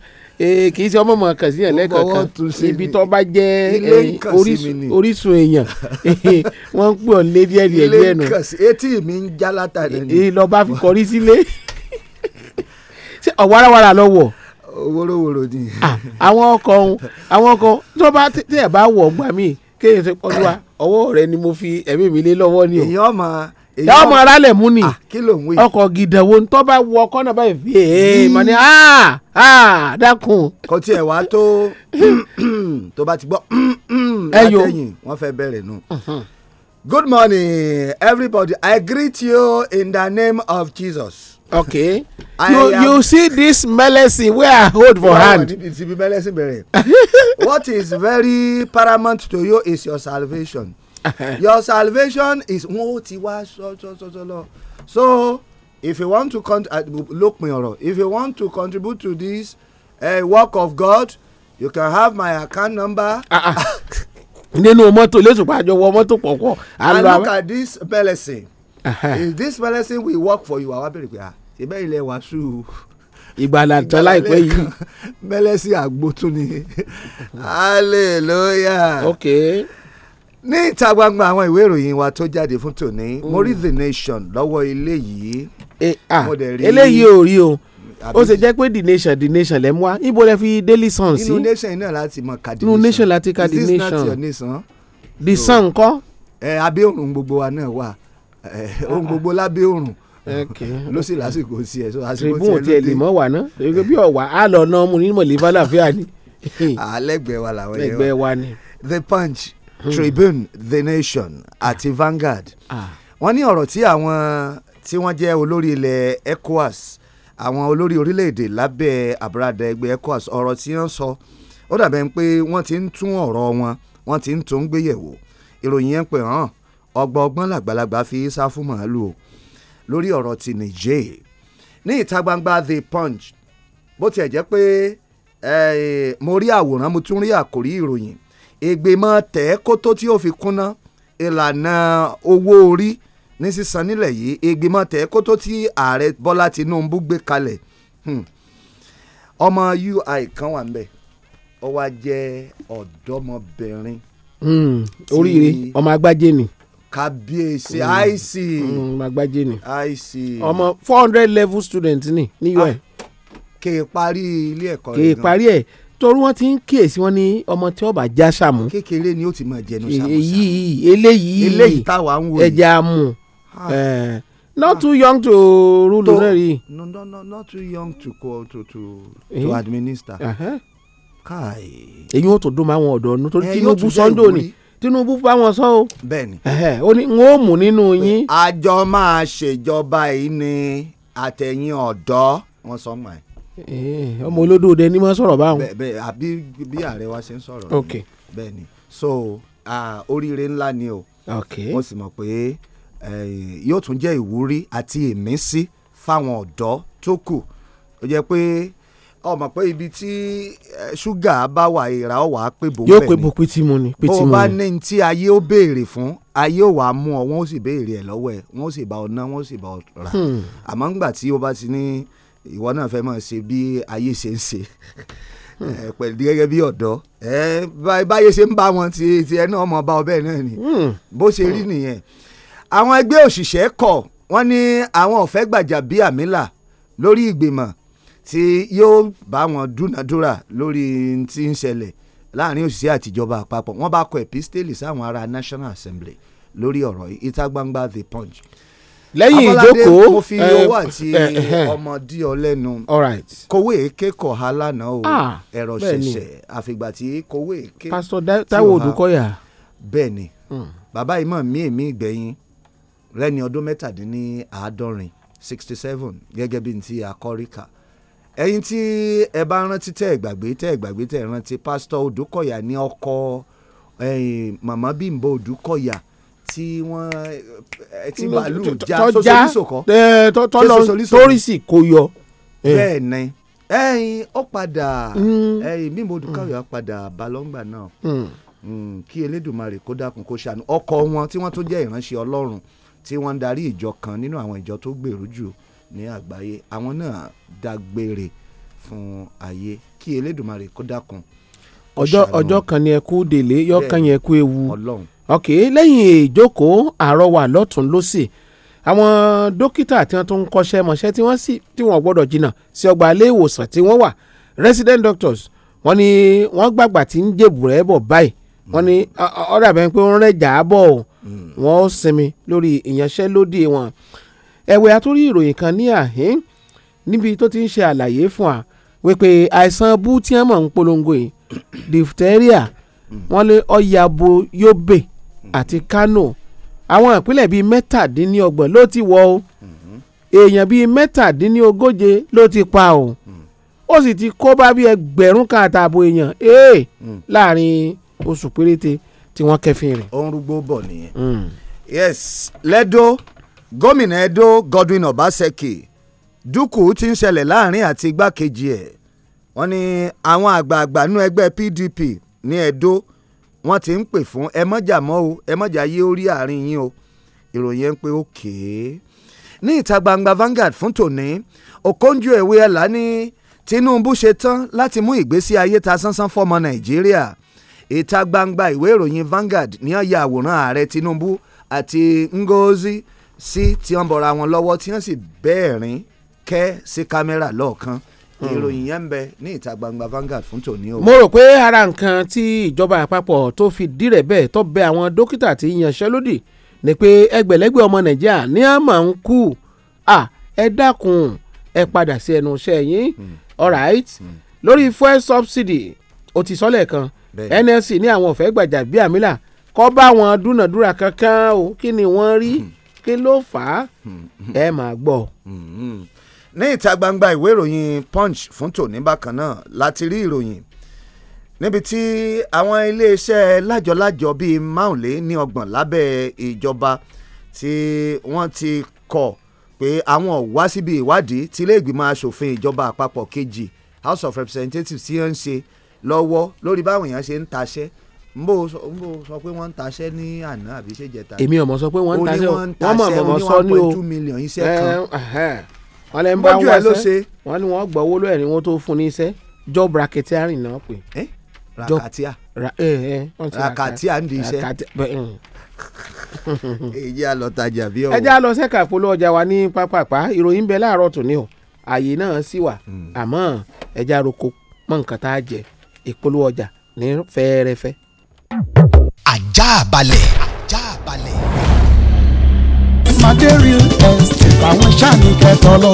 kì í ṣe ọmọ mọ̀ kàn sí yàn lẹ́kọ̀ọ̀kan ibi tó bá jẹ́ eh, orísun èèyàn (laughs) wọ́n ń pè ọ́ lé díẹ̀ díẹ̀ díẹ̀ nù. etí mi ń já látàrí. ìlọba fi kọrí sílé ṣé ọ̀wárawàrà lọ wọ̀ wórówóró ni. àwọn ọkọ̀ ọ̀hún àwọn ọkọ̀ tí wọ́n bá tẹ̀ bá wọ̀ gbà mí kéèyàn ti pọ́n wá ọwọ́ rẹ ni mo fi ẹ̀mí mi lé lọ́wọ́ ni o. èyí ọmọ èyí ọmọ ọmọ arálẹ̀ mú ni ọkọ̀ gìdànwó ń tọ́ bá wọ ọkọ̀ náà báyìí fi èé mọ̀ ní dákun. kò tiẹ̀ wá tó (clears throat) tó bá ti gbọ́ (clears throat) látẹ̀yìn wọ́n fẹ́ bẹ̀rẹ̀ nù. Good morning everybody I greet you in the name of Jesus okay I, you you see this medicine wey i hold for hand. it be medicine bere. what is very paramount to you is your salvation. (laughs) your salvation is wọn ó ti wá so so so so. So if you want to con uh, lópin ọ̀rọ̀ if you want to contribute to this uh, work of God you can have my account number. (laughs) nínú mọ́tò lẹ́sùn pàjọ́ wọ mọ́tò pọ̀pọ̀. i look at this medicine is this medicine will work for you àwa bẹ̀rẹ̀ pé à ah, ṣe bẹ́ẹ̀ ilẹ̀ wàásù ìgbàlà tán láìpẹ́ yìí. mẹ́lẹ́sì àgbo tún ni hallelujah. okay. ní ìta gbangba àwọn ìwé ìròyìn wa tó jáde fún tòní mo hmm. rí the nation lọ́wọ́ eléyìí. E, eléyìí ò rí o ó ṣe jẹ́ pé the nation the nation lẹ́ mú wa ibo lẹ fi daily sun sí. inú nation náà láti mọ kadi nation inú nation láti kadi nation is this not your nation. the sun kọ́. ẹ abẹ́ òrùn gbogbo wa náà wà Eh, ohun gbogbo lábẹ́ òrùn ló sì lásìkò tiẹ̀ so àsìkò tiẹ̀ ló dé. tribune tiẹ̀ lè mọ́ wà ná bí ọ̀wà á lọ ná mu ní mọ̀lẹ́ fàlàfíà ni. àlẹ́gbẹ̀ẹ́ wa làwọn yẹn wà the punch hmm. tribune the nation àti Vanguard wọ́n ní ọ̀rọ̀ tí àwọn tí wọ́n jẹ́ olórí ilẹ̀ ECOWAS àwọn olórí orílẹ̀-èdè lábẹ́ àbúradà ẹgbẹ́ ECOWAS ọ̀rọ̀ tí wọ́n sọ ó dàbẹ̀ pé wọ́n ti ń tún ọ̀rọ̀ wọn wọ́n ti ń tún gbéyẹ̀wò ìròyìn yẹn pé hàn ọgbọ́n ọgbọ́n làgbàlagbà fi sá fún màálù o lórí ọ̀rọ̀ ti Niger ní ìta gbangba The Punch bó tiẹ̀ jẹ́ pé mo rí àwòrán mo tún rí àkórí ìròyìn ìgbìmọ̀ tẹ̀ kótó tí ó fi kúnná ìlànà owó orí ní sísan nílẹ̀ yìí ìgbìmọ̀ tẹ̀ kótó tí ààrẹ Bọ́lá Tinubu gbé kalẹ̀ hmm. ọmọ UI kan wà ń bẹ̀ wá jẹ́ ọ̀dọ́mọbìnrin. Hmm, oríire ọmọ agbájé ni kábíyèsí àìsí. Mm. Mm, magbájé ni àìsí. ọmọ four hundred level student ni ni un. kè é parí ilé ẹ̀kọ́ rẹ̀ gan. kè é parí ẹ̀ torí wọ́n ti ń kíyèsí wọn ní ọmọ tí ọba já sàmú. kékeré ni ó ti máa jẹnu sàmú. èyí eléyìí eléyìí táwa ń wò ẹja mu. Ah. not too young to rule lórí rí. no no no not too young to to to to eh? administer. káì. èyí ò tó dún máa wọn ọ̀dọ́ nítorí Tinubu sọ́ńdò ni. Tinubu bá wọn sọ o. bẹ́ẹ̀ni. ó ní n ó mú nínú yín. àjọ máa ṣèjọba yìí ni àtẹ̀yìn ọ̀dọ́ wọn sọ mọ́ ẹ. ọmọ olódòde ni wọ́n sọ̀rọ̀ báwọn. bẹ́ẹ̀ àbí bí ààrẹ wa ṣe ń sọ̀rọ̀. ok bẹ́ẹ̀ni so oríire ńlá ni o. ok mo sì mọ̀ pé yóò tún jẹ́ ìwúrí àti ìmísí fáwọn ọ̀dọ́ tó kù ó jẹ́ pé ọmọ pé ibi tí ṣúgà bá wà ìrà ọ̀wà pé bò ń bẹ̀ ni yóò pé bò pétí mu ni pétí mu ni bó o bá ní tí ayé ó béèrè fún ayé ò wá mú ọ wọn ó sì béèrè ẹ lọ́wọ́ ẹ wọn ó sì bá ọ ná wọn ó sì bá ọ rà hmm. àmọ́ ńgbà tí o bá ti ní ìwọ náà fẹ́ máa ṣe bí ayé ṣe ń ṣe hmm. pẹ̀lú gẹ́gẹ́ bí ọ̀dọ́ báyé ṣe ń bá wọn ti ti ẹ náà mọ̀ bá ọ náà ni hmm. bó ṣe rí nìyẹn àwọn ẹgbẹ́ òṣìṣẹ́ kọ̀ wọ́n ní àwọn ọ̀fẹ́ gbàjà bíi àmìlà lórí ìgbìmọ̀ tí yóò bá wọn dúnadúrà lórí tí ń ṣẹlẹ̀ láàrin òṣìṣẹ́ àtijọba àpapọ̀ wọ́n bá kọ epistéèlì sáwọn ará National Assembly lórí ọ̀rọ̀ ìta gbangba The Punch. lẹ́yìn ìjókòó mo fi owó eh, àti eh, eh, ọmọdé ọlẹ́nu kówé kékọ̀ọ́ ha o ah, ẹ̀rọ ṣẹ̀ṣẹ̀ àfìgbà tí kówé kékọ̀ọ́ Pastor Táíwò Odùkọ́yà. bẹ́ẹ̀ ni hmm. bàbá ìmọ̀ mi èmi ìgbẹ̀yìn lẹ́ni ọdún mẹ́tàdínní àádọ́rin sixty seven gẹ́gẹ́ bí n ti akọ́ríkà ẹ̀yin tí ẹ bá rántí tẹ́ ẹ gbàgbé tẹ́ ẹ gbàgbé tẹ́ ẹ rántí pásítọ̀ Odùkọ̀yà ní ọkọ màmá Bímbọ Odùkọ̀yà tí wọ́n ti bàálù já sosolisokọ torí sì kó yọ. bẹ́ẹ̀ ni ẹ̀yin ó padà mm. ẹ̀yin Bímbọ mm. Odùkọ̀yà padà balọ́ngbà náà mm. kí Elédùmarè kó dákun kó ṣàánú ọkọ wọn tí wọ́n tún jẹ́ ìránṣẹ́ Ọlọ́run tí wọ́n ń darí ìjọ kan nínú àwọn ìjọ tó gbèrú jù ní àgbáyé àwọn náà dágbére fún ayé kí elédùnmarè kó dákun. ọjọ́ ọjọ́ kan ni ẹ kú délé yọ̀ọ̀kan yẹn kú ewu ok lẹ́yìn ìjókòó àrọwà lọ́tún lọ́sì àwọn dókítà tí wọ́n tún ń kọ́ṣẹ́ mọṣẹ́ tí wọ́n sì tí wọ́n gbọ́dọ̀ jìnnà sí ọgbà ilé ìwòsàn tí wọ́n wà resident doctors wọ́n ní wọ́n gbàgbà tí ń jèbù rẹ̀ bọ̀ báyìí wọ́n ní ọ̀dà pé wọ́n rẹ̀ jà á bọ̀ hmm. wọ́n ó sinmi lórí ìyanṣẹ́lódì wọn ẹ̀wẹ̀ àtúrí ìròyìn kan ní àhín níbi tó ti ń ṣe àlàyé fún wa wípé àìsàn bú ń polongo yìí diphtheria wọ́n lé ọ̀yàbò yobe àti kano àwọn ìpínlẹ̀ bíi mẹ́tàdínlọ́gbọ̀n ló ti wọ̀ o èèyàn bíi mẹ́tàdínlógóje ló ti pa o ó sì ti kó bá bíi ẹgbẹ̀rún kan àtààbọ̀ èèyàn ee láàrin oṣù péréte tí wọ́n kẹ́fìn rẹ̀. ó rúgbó bọ̀ nìyẹn. Hmm. yes lẹ́dọ̀ọ́ gómìnà Edo Godwin Obaseki dúkù ti ń ṣẹlẹ̀ láàrin àti igbákejì ẹ̀ wọ́n ní àwọn àgbààgbà nínú ẹgbẹ́ PDP ní Edo wọ́n ti ń pè fún ẹ mọ́jà mọ́ o ẹ mọ́jà yé orí àárín yín o ìròyìn ẹ̀ ń pé òkè ní ìta gbangba Vanguard fún tòní Okonjo-Iweala ní Tinubu ṣe tán láti mú ìgbésí ayé ta sánsán fọmọ Nàìjíríà ìta gbangba ìwé ìròyìn Vanguard ní ọ̀yà àwòrán ààrẹ Tinubu àti Ngozi sí tí wọ́n bọ̀ra wọn lọ́wọ́ tí wọ́n sì bẹ́ẹ̀rín kẹ́ sí kámẹ́rà lọ́ọ̀kan hmm. ìròyìn yẹn ń bẹ ní ìta gbangba Vanguard fún tòní o. mo rò pé ara nǹkan tí ìjọba àpapọ̀ tó fi dírẹ̀ bẹ́ẹ̀ tó bẹ àwọn dókítà tí yanṣẹ́lódì ni pé ẹgbẹ̀lẹ́gbẹ̀ ọmọ Nàìjíríà ní à máa ń kú à ẹ dákun ẹ padà sí ẹnu iṣẹ́ yín hmm. alright hmm. lórí fuel subsidy ó ti sọ́lẹ̀ kan NLC ní àwọn ò fẹ́ gbàjà bíi àmìlà kọ́ bá wọn dúnàdúrà kankan o kí ni wọ́n rí. Hmm kí ló fà á ẹ máa gbọ́. ní ìta gbangba ìwé ìròyìn punch fún tòní bákan náà láti rí ìròyìn níbi tí àwọn iléeṣẹ́ lájọlájọ bíi márùnlé ní ọgbọ̀n lábẹ́ ìjọba tí wọ́n ti kọ̀ pé àwọn ò wá síbi ìwádìí tí ilé ìgbìmọ̀ asòfin ìjọba àpapọ̀ kejì House of Representatives ti ń ṣe lọ́wọ́ lórí báwọn èèyàn ṣe ń taṣẹ́ n bò n bò sọ pé wọ́n ń taṣẹ́ ní àná àbí ṣe jẹta. èmi ọmọ sọ pé wọ́n ń taṣẹ́ wọ́n mọ̀ mọ̀ sọ ní o wọ́n lẹ́ ń bá wọ́n ṣe wọ́n ní wọ́n gbọ́ owó lóyè ni wọ́n tó fún ní iṣẹ́ job racketeering náà pè. rakatia rakatia ń di iṣẹ́ èyí á (laughs) lọ tajà bí ọwọ. ẹ já lọ sẹ́ka polówó ọjà wa ní pápápá ìròyìn bẹ láàárọ̀ tòní o ààyè náà sì wà hmm. àmọ́ ẹ já roko mọ́ nǹkan tá a jẹ ìpolówó ọjà ní fẹ́ẹ́rẹ́fẹ́ ajá balẹ̀. ajá balẹ̀. madé real estate àwọn sáà ní kẹtọ lọ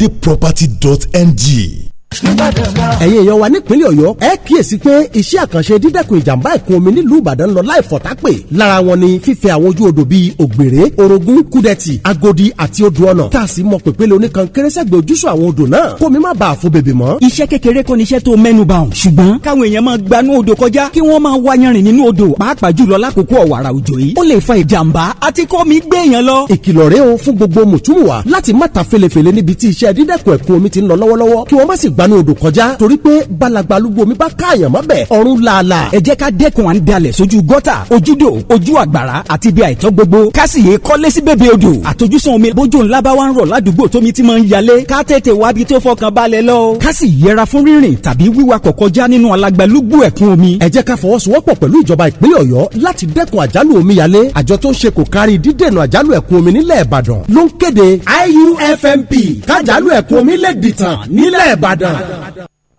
adeproperty.ng ẹ̀yin èèyàn wa nípínlẹ̀ ọ̀yọ́ ẹ kíyèsí pé iṣẹ́ àkànṣe dídẹ́kun ìjàmbá ìkún omi nílùú ìbàdàn lọ láì fọ̀tápè lára wọn ni fífẹ́ àwọn ojú odò bíi ògbèrè orogún kúdẹ̀tì agodi àti odò ọ̀nà tá a sì mọ pèpele oníkan kérésẹ́gbẹ̀ ojúṣọ àwọn odò náà kó mi má bàa fún bèbè mọ́. iṣẹ́ kékeré kọ́ ni iṣẹ́ tó mẹ́nu bà ọ̀hún ṣùgbọ́n káwọn èèyàn máa gbanú odò kọjá kí wọ́n máa wá yanrìn nínú odò pàápàá jùlọ lákòókò ọ̀wàrà òjò yìí ó o fún gbogbo mùtúmùwà láti má ta felefele níbi tí iṣẹ́ dídẹ́kun ẹ̀kún omi ti ń lọ lọ́wọ́lọ́wọ́ kí gbanú odò kọjá torí pé balagba arúgbó mi bá káàyàn mọ́bẹ̀ ọ̀run làálà. ẹ jẹ́ ká dẹ́kun à ń dalẹ̀ sójú gọ́tà ojúdò ojú àgbàrá àti ibi àìtọ́ gbogbo kásìyè kọ́lé sí bèbè odò àtojúsùn omi bójú ńlá bá wà ń rọ̀ ládùúgbò tómi ti máa ń yalé ká tètè wá bi tó fọkàn balẹ̀ lọ. kásì yẹra fún rírìn tàbí wíwakọ̀ kọjá nínú alagbalúgbú ẹ̀kún omi. ẹ jẹ́ ká fọwọ́sowọ́pọ̀ pẹ̀lú ìjọba ìpínlẹ̀ ọ̀yọ́ láti IUFMP kájálù ẹ̀kún omi lè dìtàn nílẹ̀ ada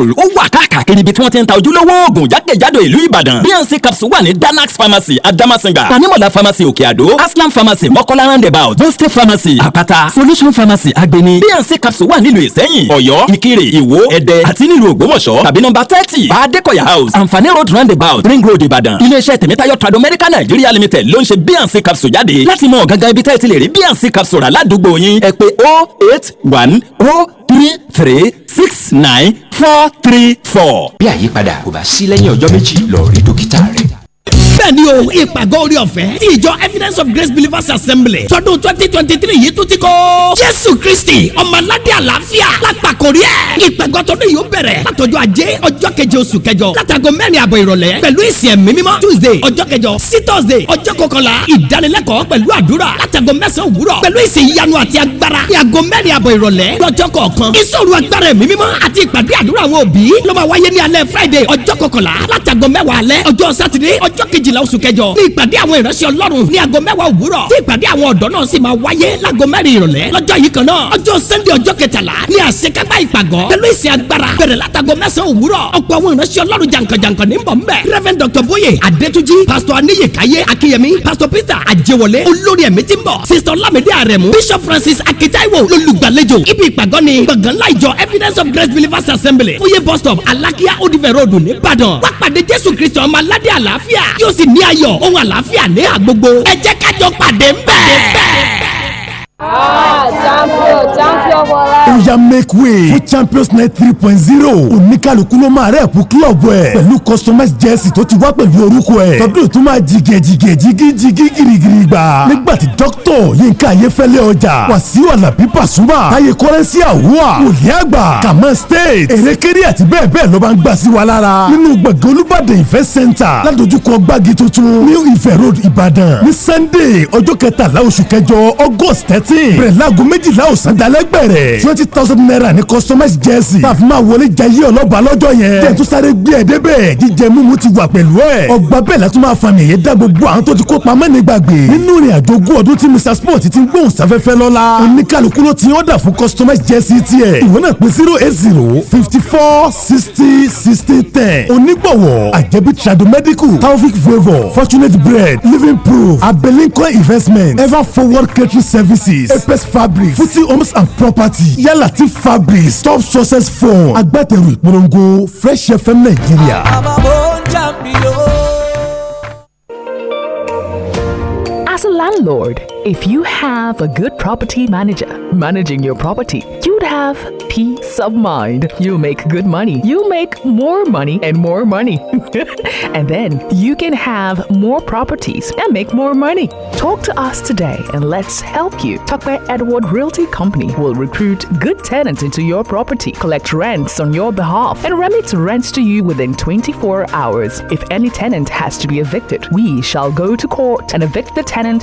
capsule ó wà káàkiri ibi tí wọ́n ti ń ta ojúlówó oògùn jákèjádò ìlú Ìbàdàn bnc capsule wà ní danax pharmacy adamasinga tanimola pharmacy òkè àdó aslam pharmacy mọ́kọ́lá roundabout boste pharmacy àpáta solution pharmacy agbeni bnc capsule wà nílùú ìsẹ́yìn ọ̀yọ́ ìkirè ìwó ẹ̀dẹ́ àti nílùú ògbómọ̀ṣọ́ tàbí nọmba thirty baadekoya house anfani road roundabout ring road ìbàdàn iléeṣẹ́ tèmítáyọ̀ tradomedica nigeria limited ló ń ṣe bnc capsule jáde láti mọ gangan ibi tẹ́ẹ̀ ti lè rí bnc capsule aládùúgbò yín ẹ pè 081 0 three three six nine four three four. bí àyípadà kò bá sí lẹ́yìn ọjọ́ méjì lọ rí dókítà rẹ bẹ́ẹ̀ ni o ìpàgọ́ orí ọ̀fẹ́ tí ìjọ evidence of grace believers assembly tọdún twenty twenty three yìí tún ti kọ́. jésù kristi ọmọládé àlàáfíà lápàkórí ẹ̀. ìpàgọ́ tọdún yìí ó bẹ̀rẹ̀ látọjọ́ ajé ọjọ́ keje oṣù kẹjọ látago mẹ́rin àbọ̀ ìrọ̀lẹ́ pẹ̀lú ìsìn ẹ̀mí mímọ́ tuesday ọjọ́ kẹjọ sí thursday ọjọ́ kọkànlá ìdánilẹ́kọ̀ọ́ pẹ̀lú àdúrà látago mẹ́sàn-án òwúrọ̀ pẹ̀lú ìsìn ìyanu àti agbára ní ago mẹ́rin àbọ̀ ìrọ̀lẹ́ lọ́jọ́ kọ̀ọ̀kan ìṣòro agbára ẹ̀mí mímọ́ àti ìpàdé àdúrà àwọn òbí ló máa wáyé ní alẹ́ friday ọjọ́ kọkànlá látago mẹ́wàá alẹ́ ọjọ́ Saturday. ọjọ́ keje kejìlá oṣù kẹjọ ní ìpàdé àwọn ìránṣẹ́ ọlọ́run ní aago mẹ́wàá òwúrọ̀ tí ìpàdé àwọn ọ̀dọ́ náà sì máa wáyé láago mẹ́rin ìrọ̀lẹ́ lọ́jọ́ yìí kan náà ọjọ́ sẹ́ndé ọjọ́ kẹtàlá ní àṣekágbá ìpàgọ́ pẹ̀lú ìsìn agbára bẹ̀rẹ̀ látago mẹ́sàn-án òwúrọ̀ ọ̀pọ̀ àwọn ìránṣẹ́ ọlọ́run jàǹkànjàǹkàn ní bọ̀ ńbẹ̀ Reverend Dr. Boye Adetuji Pastor Aniyekaye Akiyemi Pastor Peter Ajewole olórí ẹ̀mí tí ń bọ̀ Sister Olamide Aremu Bishop Francis Akitaiwo lolùgbàlejò ibi ìpàgọ́ ni gbọ̀ngàn láìjọ Evidence of Grace Believers Assembly Oye bus stop Alakia Odive Road ní Ìbàdàn pàdé Jésù Kristi ọmọ aládé àlàáfíà yóò sì ní ayọ̀ ohun àlàáfíà ní àgbogbo ẹ jẹ́ ká pàdé ńbẹ̀. Ah, champion, champion Bola. ó yá make way fún champions night three point zero oníkàlùkù ló máa rẹ̀ fún kílọ̀bù ẹ̀ pẹ̀lú customized jersey tó ti wá pẹ̀lú orúkọ ẹ̀ tọdún tó máa jìgẹ̀ jìgẹ̀ jìgí jìgí girigiri gbà nígbà tí dókítọ̀ yínká ayéfẹ́lẹ́ ọjà wàsíù alábí pàṣùmà táyé kọ́rẹ́nsì àwùwà wòlíì àgbà kàmá state èrèkéré àti bẹ́ẹ̀ bẹ́ẹ̀ ló máa ń gbà sí wa lára nínú gbọ̀ngàn olúbàdàn ìfẹ́ center ládojúkọ gbági tuntun new ife road ìbàdàn ní sunday ọjọ́ kẹtàlá oṣù kẹjọ august thirteen bẹ̀rẹ̀ láago méjìlá ọ̀sán dalẹ́ gbẹ̀rẹ̀ twenty thousand naira ní customized jersey tàbí máa wọlé jayé ọlọ́ba lọ́jọ́ yẹn tẹ̀ tó sáré gbé ẹ̀ débẹ̀ jíjẹ mímu ti wà pẹ̀lú ẹ̀ ọgbà bẹ́ẹ̀ látún máa fami ẹ̀yẹ dá gbogbo àwọn tó ti kópa mẹ́nigbàgbé nínú ìrìn àjò ogún ọdún tí Mr Sport ti ń gbóhùn sáfẹ́fẹ́ lọ́la oníkàlùkù ló ti ọ̀dà fún customized jersey tiẹ̀ ìwọ náà pé zero eight zero fifty four sixty sixty ten onígbọ̀wọ̀ àjẹbí trado medical taofik favour fortunate bread living proof abelinko investment ever forward catering services fabrics apes fabrics futi homes and property yálà ti fabrics top success fund agbátẹrù ìpolongo fresh fm nàìjíríà. àbábọ̀ ń jà mí o. landlord. If you have a good property manager managing your property, you'd have peace of mind. You'll make good money. You'll make more money and more money. (laughs) and then you can have more properties and make more money. Talk to us today and let's help you. Tuckbear Edward Realty Company will recruit good tenants into your property, collect rents on your behalf, and remit rents to you within 24 hours. If any tenant has to be evicted, we shall go to court and evict the tenant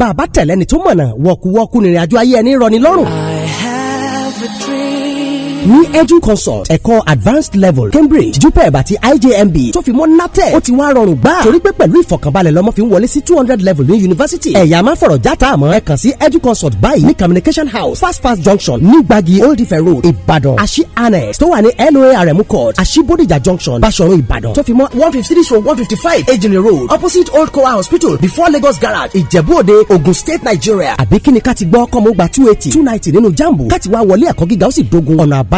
bàbá tẹ̀lẹ́ni tó mọ̀nà wọ̀kúwọ́kú nìrìn àjò ayé ẹni rọni lọ́rùn. I have a dream ní educonsult ẹ̀kọ́ advanced level cambridge jupeb àti ijmb tó fi mọ́ natec ó ti wá rọrùn gbà torí pé pẹ̀lú ìfọ̀kànbalẹ̀ lọ́mọ fi ń wọlé sí two hundred level ní yunifásitì ẹ̀yà máa fọ̀rọ̀ játa àmọ́ ẹ kàn sí educonsult báyìí ní communication house fast fast junction ní gbagi old ife road ìbàdàn àṣì annex tó wà ní noarm court àṣì bódìjà junction báṣọ̀run ìbàdàn tó fi mọ́ one fifty three to one fifty five ejinle road opposite old kowa hospital before lagos garage ìjẹ̀bú-òde ogun state nigeria àbí kíni ká ti gbọ́ kọ́mọ́gbà two eighty two ninety nínú jambu ká ti wá wọlé ẹ̀kọ́ gíga ó sì dogun ọ̀nà àbá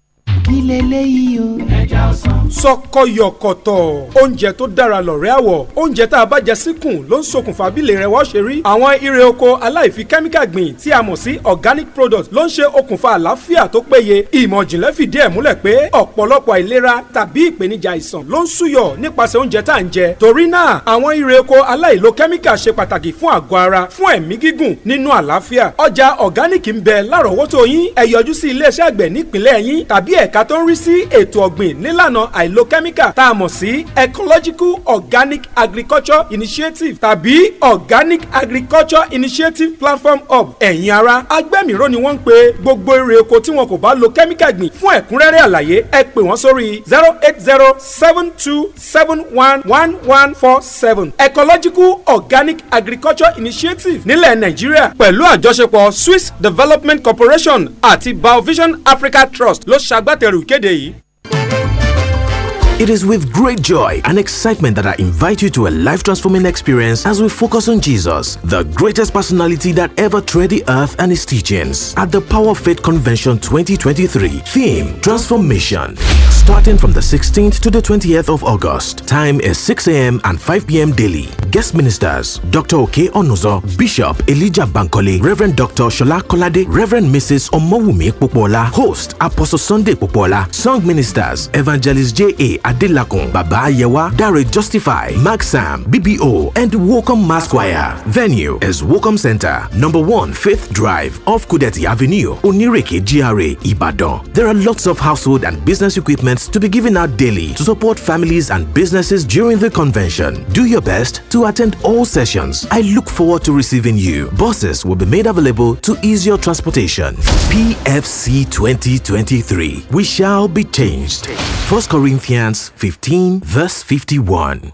ilé léyìí o. ẹja ọsàn. sọkọyọkọtọ oúnjẹ tó dára lọ̀rẹ́ àwọ̀ oúnjẹ tá a bá jẹ síkùn ló ń ṣokùnfà bílẹ̀ rẹ̀ wọ́n ṣe rí. àwọn irè oko aláìfi kẹ́míkà gbìn tí a mọ̀ sí organic product ló ń ṣe okùnfà àlàáfíà tó péye. ìmọ̀ ìjìnlẹ̀ fìdí ẹ̀ múlẹ̀ pé ọ̀pọ̀lọpọ̀ àìlera tàbí ìpèníjà àìsàn ló ń súyọ nípasẹ̀ oúnjẹ tá à ń jẹ. torí náà àwọn irè oko aláìlo kẹ́míkà ṣe pàtàkì fún àgọ́ ara fún ẹ̀mí gígùn nínú àlàáfíà. ọjà organic ń bẹ lárọ̀ọ́wọ́tó yín ẹ yọjú sí iléeṣẹ́ àgbẹ̀ nípìnlẹ̀ yín tàbí ẹ̀ka tó ń rí sí ètò ọ̀gbìn nílànà àìlókẹ́míkà tá a mọ̀ sí ecological organic agriculture initiative tàbí organic agriculture initiative platform hub ẹ̀yin ara agbẹ́mìíró ni wọ́n ń pe gbogbo èrè oko tí wọn kò bá lo kẹ́míkà gbìn fún ẹ̀kúnrẹ́rẹ́ àlàyé ẹ pè wọ́n sórí zero eight zero seven two seven one one one four seven ecological organic agriculture initiative nílẹ̀ nàìjíríà pẹ̀lú àjọṣepọ̀ Swiss Development Corporation àti Biovision Africa Trust ló ṣàgbá agbátẹrù ìkéde yìí It is with great joy and excitement that I invite you to a life transforming experience as we focus on Jesus, the greatest personality that ever tread the earth and his teachings, at the Power of Faith Convention 2023. Theme Transformation. Starting from the 16th to the 20th of August. Time is 6 a.m. and 5 p.m. daily. Guest ministers Dr. Ok Onuzo, Bishop Elijah Bankole, Reverend Dr. Shola Kolade, Reverend Mrs. Omowumi Popola, host Apostle Sunday Popola, song ministers Evangelist J.A. Adelakun, Baba Yewa, Dare Justify, Max Sam, BBO, and Wokom Mass Choir. Venue is Wokom Center, number 1 5th Drive, off Kudeti Avenue, Onireke GRA, Ibadan. There are lots of household and business equipment to be given out daily to support families and businesses during the convention. Do your best to attend all sessions. I look forward to receiving you. Buses will be made available to ease your transportation. PFC 2023. We shall be changed. First Corinthians 15, verse 51.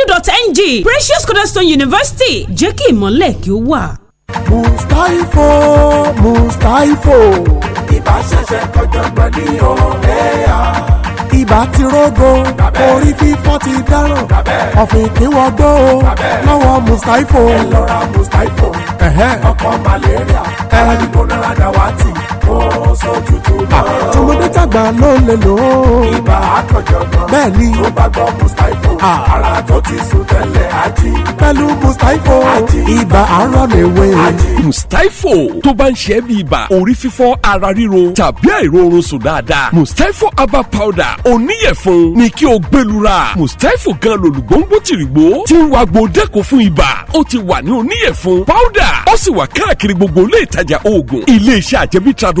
edu.ng Precious Cornerstone University jẹ́ kí ìmọ̀lẹ̀ kí ó wà. Mustaifo Mustaifo ibà ṣẹ̀ṣẹ̀ kọjọ́gbọ́n ní ọ̀rẹ́ à ibà ti rógo orí fífọ́ ti dáràn ọ̀fìn kí wọ́n gbó o lọ́wọ́ Mustaifo. ẹ lọ Mustaifo ọkọ̀ malaria ara ní kò náírà dáwà tì tọmọdé tàgbà ló lè lò ó. ibà àkànjọ̀gbọ́n bẹ́ẹ̀ ni tó bá gbọ́ mustapho ara tó ti sùn tẹ́lẹ̀ ají. pẹ̀lú mustapho ibà arọ lè wé. mustapho tó bá ń ṣe é bí ibà orí fífọ́ ara ríro tàbí àìróorun sùn dáadáa mustapho herbal powder oníyẹ̀fun ni kí o gbẹlura mustapho gan lòlùgbòǹgbò tìrìgbò tí ń wa gbòdẹ́kọ̀ fún ibà ó ti wà ní oníyẹ̀fun powder ó sì wà káàkiri gbogbo ilé ìtajà oògùn ilé iṣẹ́ àjẹbí tradu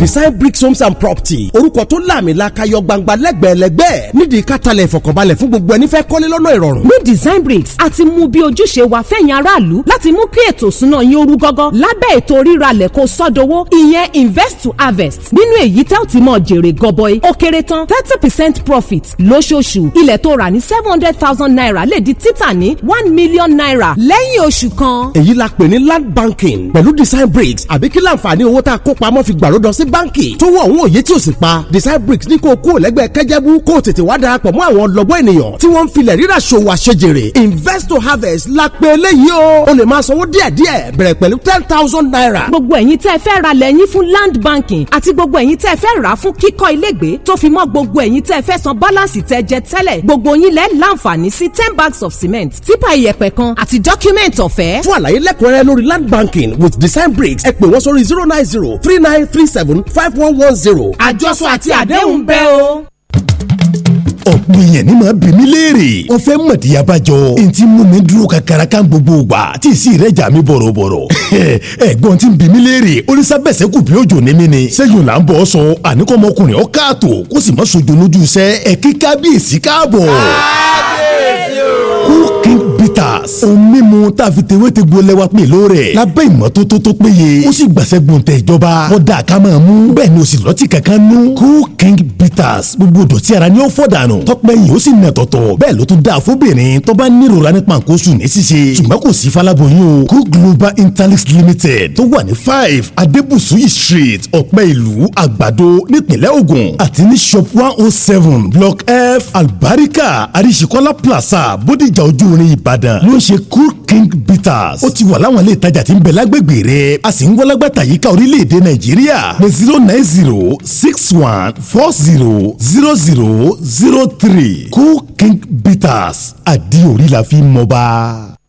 design bricks homes and property orúkọ tó láàmìlaka yọ gbangba lẹ́gbẹ̀ẹ́lẹ́gbẹ́ nídìí kátàlẹ̀ ìfọ̀kànbalẹ̀ fún gbogbo ẹni fẹ́ kọ́lé lọ́nà ìrọ̀rùn. ní design bricks a ti mú bí ojúṣe wa fẹ̀yìn aráàlú láti mú kí ètò ìsúná yín ó rú gọ́gọ́ lábẹ́ ètò ríralẹ̀ kó sọ́dọ̀wọ́ ìyẹn invest to harvest nínú èyí tẹ́ ò ti mọ jèrè gọbọi ó kéré tán thirty percent profit lóṣooṣù ilẹ̀ tó rà ní seven hundred thousand naira lè di títà ní one million naira lẹ́yìn oṣù kan. èyí la pè ní land banking pẹ̀lú design bricks àbí kí láǹfààní owó tá a kó pamọ́ fi gbàlódọ́ sí báǹkì tó wọ òun òye tí ò sì pa design bricks ní kó kúrò lẹ́gbẹ́ kẹ́jẹ́bú kó tètè wá darapọ̀ mọ́ àwọn lọ́gbọ́n ènìyàn tí wọ́n ń filẹ̀ rírà ṣòwò àṣejèrè invest to harvest la pé eléyìí o o lè máa sanwó díẹ̀díẹ̀ bẹ̀rẹ̀ pẹ̀lú ten thousand naira. gbogbo ẹ̀yin tẹ́ ẹ fẹ́ ra lẹ́yìn fún land banking àti gbogbo ẹ̀yin tẹ́ ẹ fẹ́ rà fún kíkọ́ ilégbèé tó fi mọ́ gbogbo ẹ̀yin tẹ́ ẹ fẹ́ san báláǹsì tẹ́ jẹ tẹ́lẹ̀ gbogbo yín lẹ́ láǹfààní sí ten bags of cement tipa iyẹ̀pẹ̀ kan àti document ọ̀fẹ́. fún àlàyé lẹ́kùnrẹ́rẹ́ lórí land banking with design bricks ẹ pè wọ́n sórí zero nine zero three nine three seven five one one zero àjọsọ àti àdéhùn bẹ́ẹ̀ o ọ̀pọ̀ èèyàn ní máa bí mi léèrè wọ́n fẹ́ mọ̀dí abájọ n ti mú mi dúró ka karaka gbogbo gbà tí ìsì rẹ̀ jà mí bọ̀rọ̀bọ̀rọ̀ ẹ̀gbọ́n ti bí mi léèrè onísàbẹ̀sẹ̀ kù bí òjò ní mi ni sẹ́yìn là ń bọ̀ sọ àníkọ́ ọmọkùnrin ọ̀ káàtó kó sì má sojo lójú sẹ́ ẹ̀ kí kábíyèsí káàbọ̀. kábíyèsí o. Vanitas ohun mímu tá a fi tewé te gbolẹ̀ wa pè lóore lábẹ́ ìmọ́tótó tó péye ó sì gbàsẹ́ gbòǹtẹ̀ ìjọba kọ́dà ká máa mú bẹ́ẹ̀ ni o sì lọ́tì kankan nú Cool King Bitters gbogbo dọ̀tí ara ni ó fọ̀ dànù tọpẹ́ yìí ó sì nà tọ̀tọ̀ bẹ́ẹ̀ ló tún dáa fóbìnrin tó bá nírora ní pàǹkóṣù ní ṣíṣe ṣùgbọ́n kò sí falaboyún o Cool Global Interlix Limited tó wà ní five Adébùsúyì Street ọ̀pẹ́ ìlú àgbàdo nípìnlẹ̀ Ògùn àti ní shop one oh seven block F Albarika Arisikola Plaza Bódìjà ojú orin Ìbàdàn ìbàdàn ló ń ṣe cool king bitters ó ti wà láwọn ilé ìtajà tí ń bẹ lágbègbè rẹ a sì ń wọ́lágbàtà yíká orílẹ̀-èdè nàìjíríà pé zero nine zero six one four zero zero zero zero three cool king bitters àdìorí la fi mọ́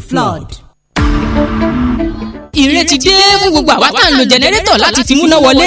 to flood. ìrètí dé fún gbogbo àwa tá à lo jẹnẹrétọ̀ láti fi múná wọlé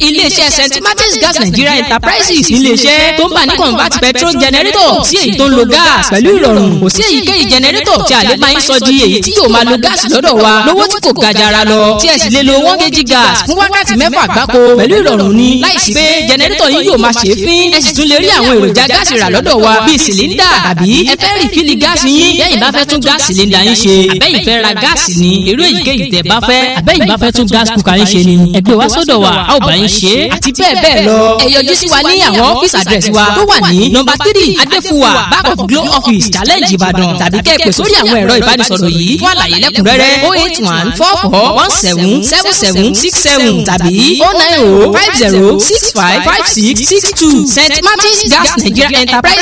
iléeṣẹ́ St. Martin's Gas Nigeria Enterprises iléeṣẹ́ tó ń bà ní convert petrol generator sí èyí tó ń lo gas pẹ̀lú ìrọ̀rùn kò sí èyíkéyìí generator tí a lè bá yín sọ di èyí tí yóò máa lo gas lọ́dọ̀ wa lówó tí kò ga jara lọ tí ẹ sì lè lo one kg gas fún wákàtí mẹ́fà gbáko pẹ̀lú ìrọ̀rùn ni láìsí pé generator yín yóò máa ṣe é fín ẹ sì tún lè rí àwọn èròjà gáàsì rà lọ́dọ̀ wa bíi sìlíndà tàbí ẹ fẹ́ rìfílì gáàsì yín lẹ́yìn bá fẹ́ tún gáàsì sìlíndà yín ṣe àbẹ́yìn fẹ́ ra gáàsì ní irú èyíkéyìí tẹ̀ bá fẹ́ àbẹ́yìn bá fẹ́ tún gáàsì kúkà yín ṣe ni ẹ gbé wá sọ́dọ̀ wa a ó bá yín ṣe àti bẹ́ẹ̀ bẹ́ẹ̀ lọ ẹ yọjú sí wa ní àwọn ọ́fíìsì àdírẹ́sì wa tó wà ní nọ́mbà three adéfúwà back of glow office challenge ìbàdàn tàbí kẹ́ ẹ pè sórí àwọn ẹ̀rọ ìbánisọ̀rọ̀ yìí fún àlàyé lẹ́kùnrẹ́rẹ́ o eight one four four one seven seven seven six seven tàbí o nine o five zero six five five six six two st martins gas nigeria enterprise